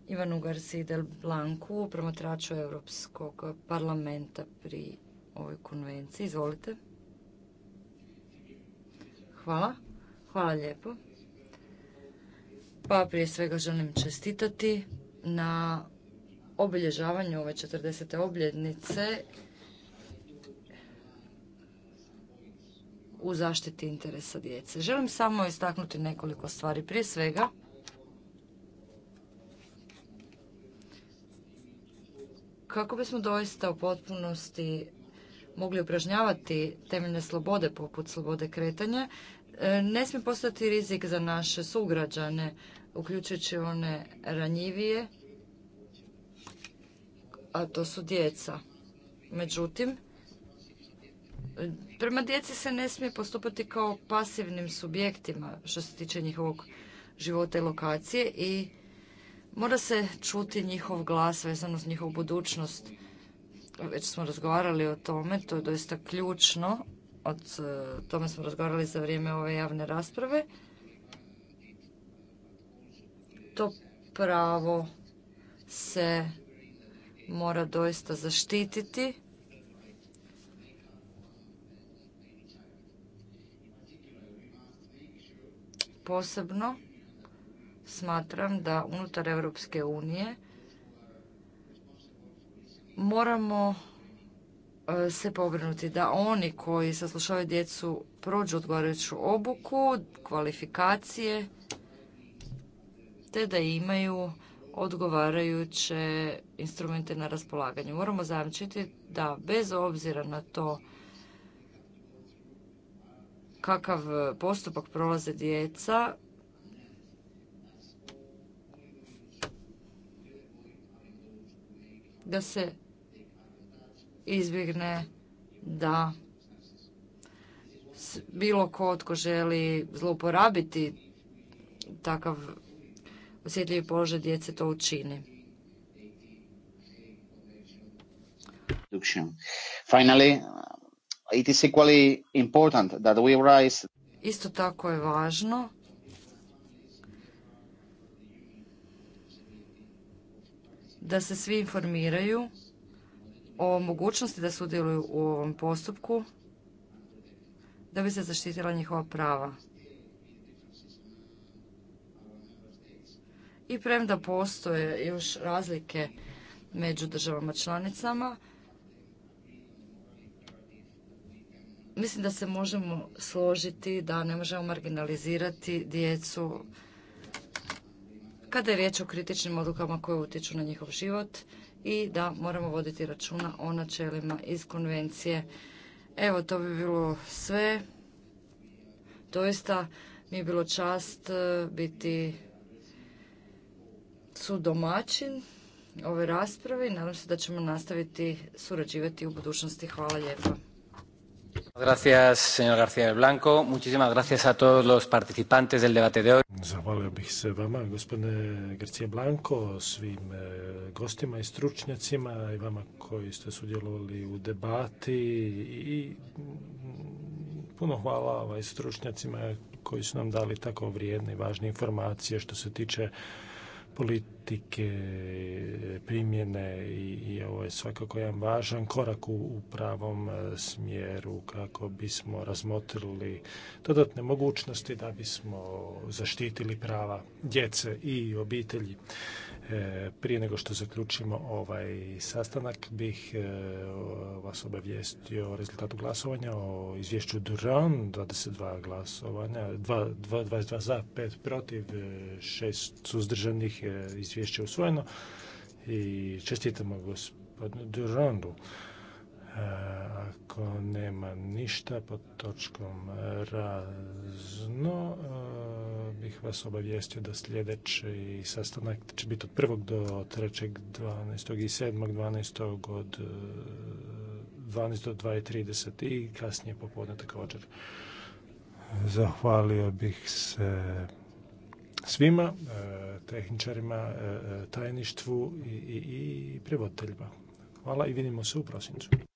Ivanu Garciji del Blanku, promatraču Europskog parlamenta pri ovoj konvenciji. Izvolite. Hvala. Hvala lijepo. Pa prije svega želim čestitati na obilježavanju ove 40. obljednice u zaštiti interesa djece. Želim samo istaknuti nekoliko stvari. Prije svega, kako bismo doista u potpunosti mogli upražnjavati temeljne slobode poput slobode kretanja, e, ne smije postati rizik za naše sugrađane, uključujući one ranjivije, a to su djeca. Međutim, prema djeci se ne smije postupati kao pasivnim subjektima što se tiče njihovog života i lokacije i mora se čuti njihov glas vezano uz njihovu budućnost. Već smo razgovarali o tome, to je doista ključno. O e, tome smo razgovarali za vrijeme ove javne rasprave. To pravo se mora doista zaštititi Posebno smatram da unutar Europske unije moramo e, se pobrinuti da oni koji saslušavaju djecu prođu odgovarajuću obuku, kvalifikacije, te da imaju odgovarajuće instrumente na raspolaganju. Moramo zajamčiti da bez obzira na to kakav e, postupak prolaze djeca da se izbjegne da bilo ko tko želi zlouporabiti takav osjetljivi položaj djece to učini. Finally, It is equally important that we rise... Isto tako je važno da se svi informiraju o mogućnosti da sudjeluju u ovom postupku da bi se zaštitila njihova prava. I premda postoje još razlike među državama članicama, Mislim da se možemo složiti da ne možemo marginalizirati djecu kada je riječ o kritičnim odlukama koje utječu na njihov život i da moramo voditi računa o načelima iz konvencije. Evo, to bi bilo sve. Doista mi je bilo čast e, biti sudomačin ove rasprave i nadam se da ćemo nastaviti surađivati u budućnosti. Hvala lijepa. Gracias, señor García Blanco. Muchísimas gracias a todos los debate de bih se vama, gospodine García Blanco, svim eh, gostima i stručnjacima i vama koji ste sudjelovali u debati i mm, puno hvala ovaj stručnjacima koji su nam dali tako vrijedne i važne informacije što se tiče politike primjene i, ovo je svakako jedan važan korak u pravom e, smjeru kako bismo razmotrili dodatne mogućnosti da bismo zaštitili prava djece i obitelji. E, prije nego što zaključimo ovaj sastanak bih e, vas obavijestio o rezultatu glasovanja o izvješću Duran, 22 glasovanja, 22 za, 5 protiv, 6 e, suzdržanih izvješće usvojeno i čestitamo gospodinu Durandu. Ako nema ništa pod točkom razno, bih vas obavijestio da sljedeći sastanak će biti od 1. do 3. 12. i 7. 12. od 12 e, do 2.30 i kasnije popodne također. Zahvalio bih se svima, e, tehničarima, e, tajništvu i, i, i prevoditeljima. Hvala i vidimo se u prosincu.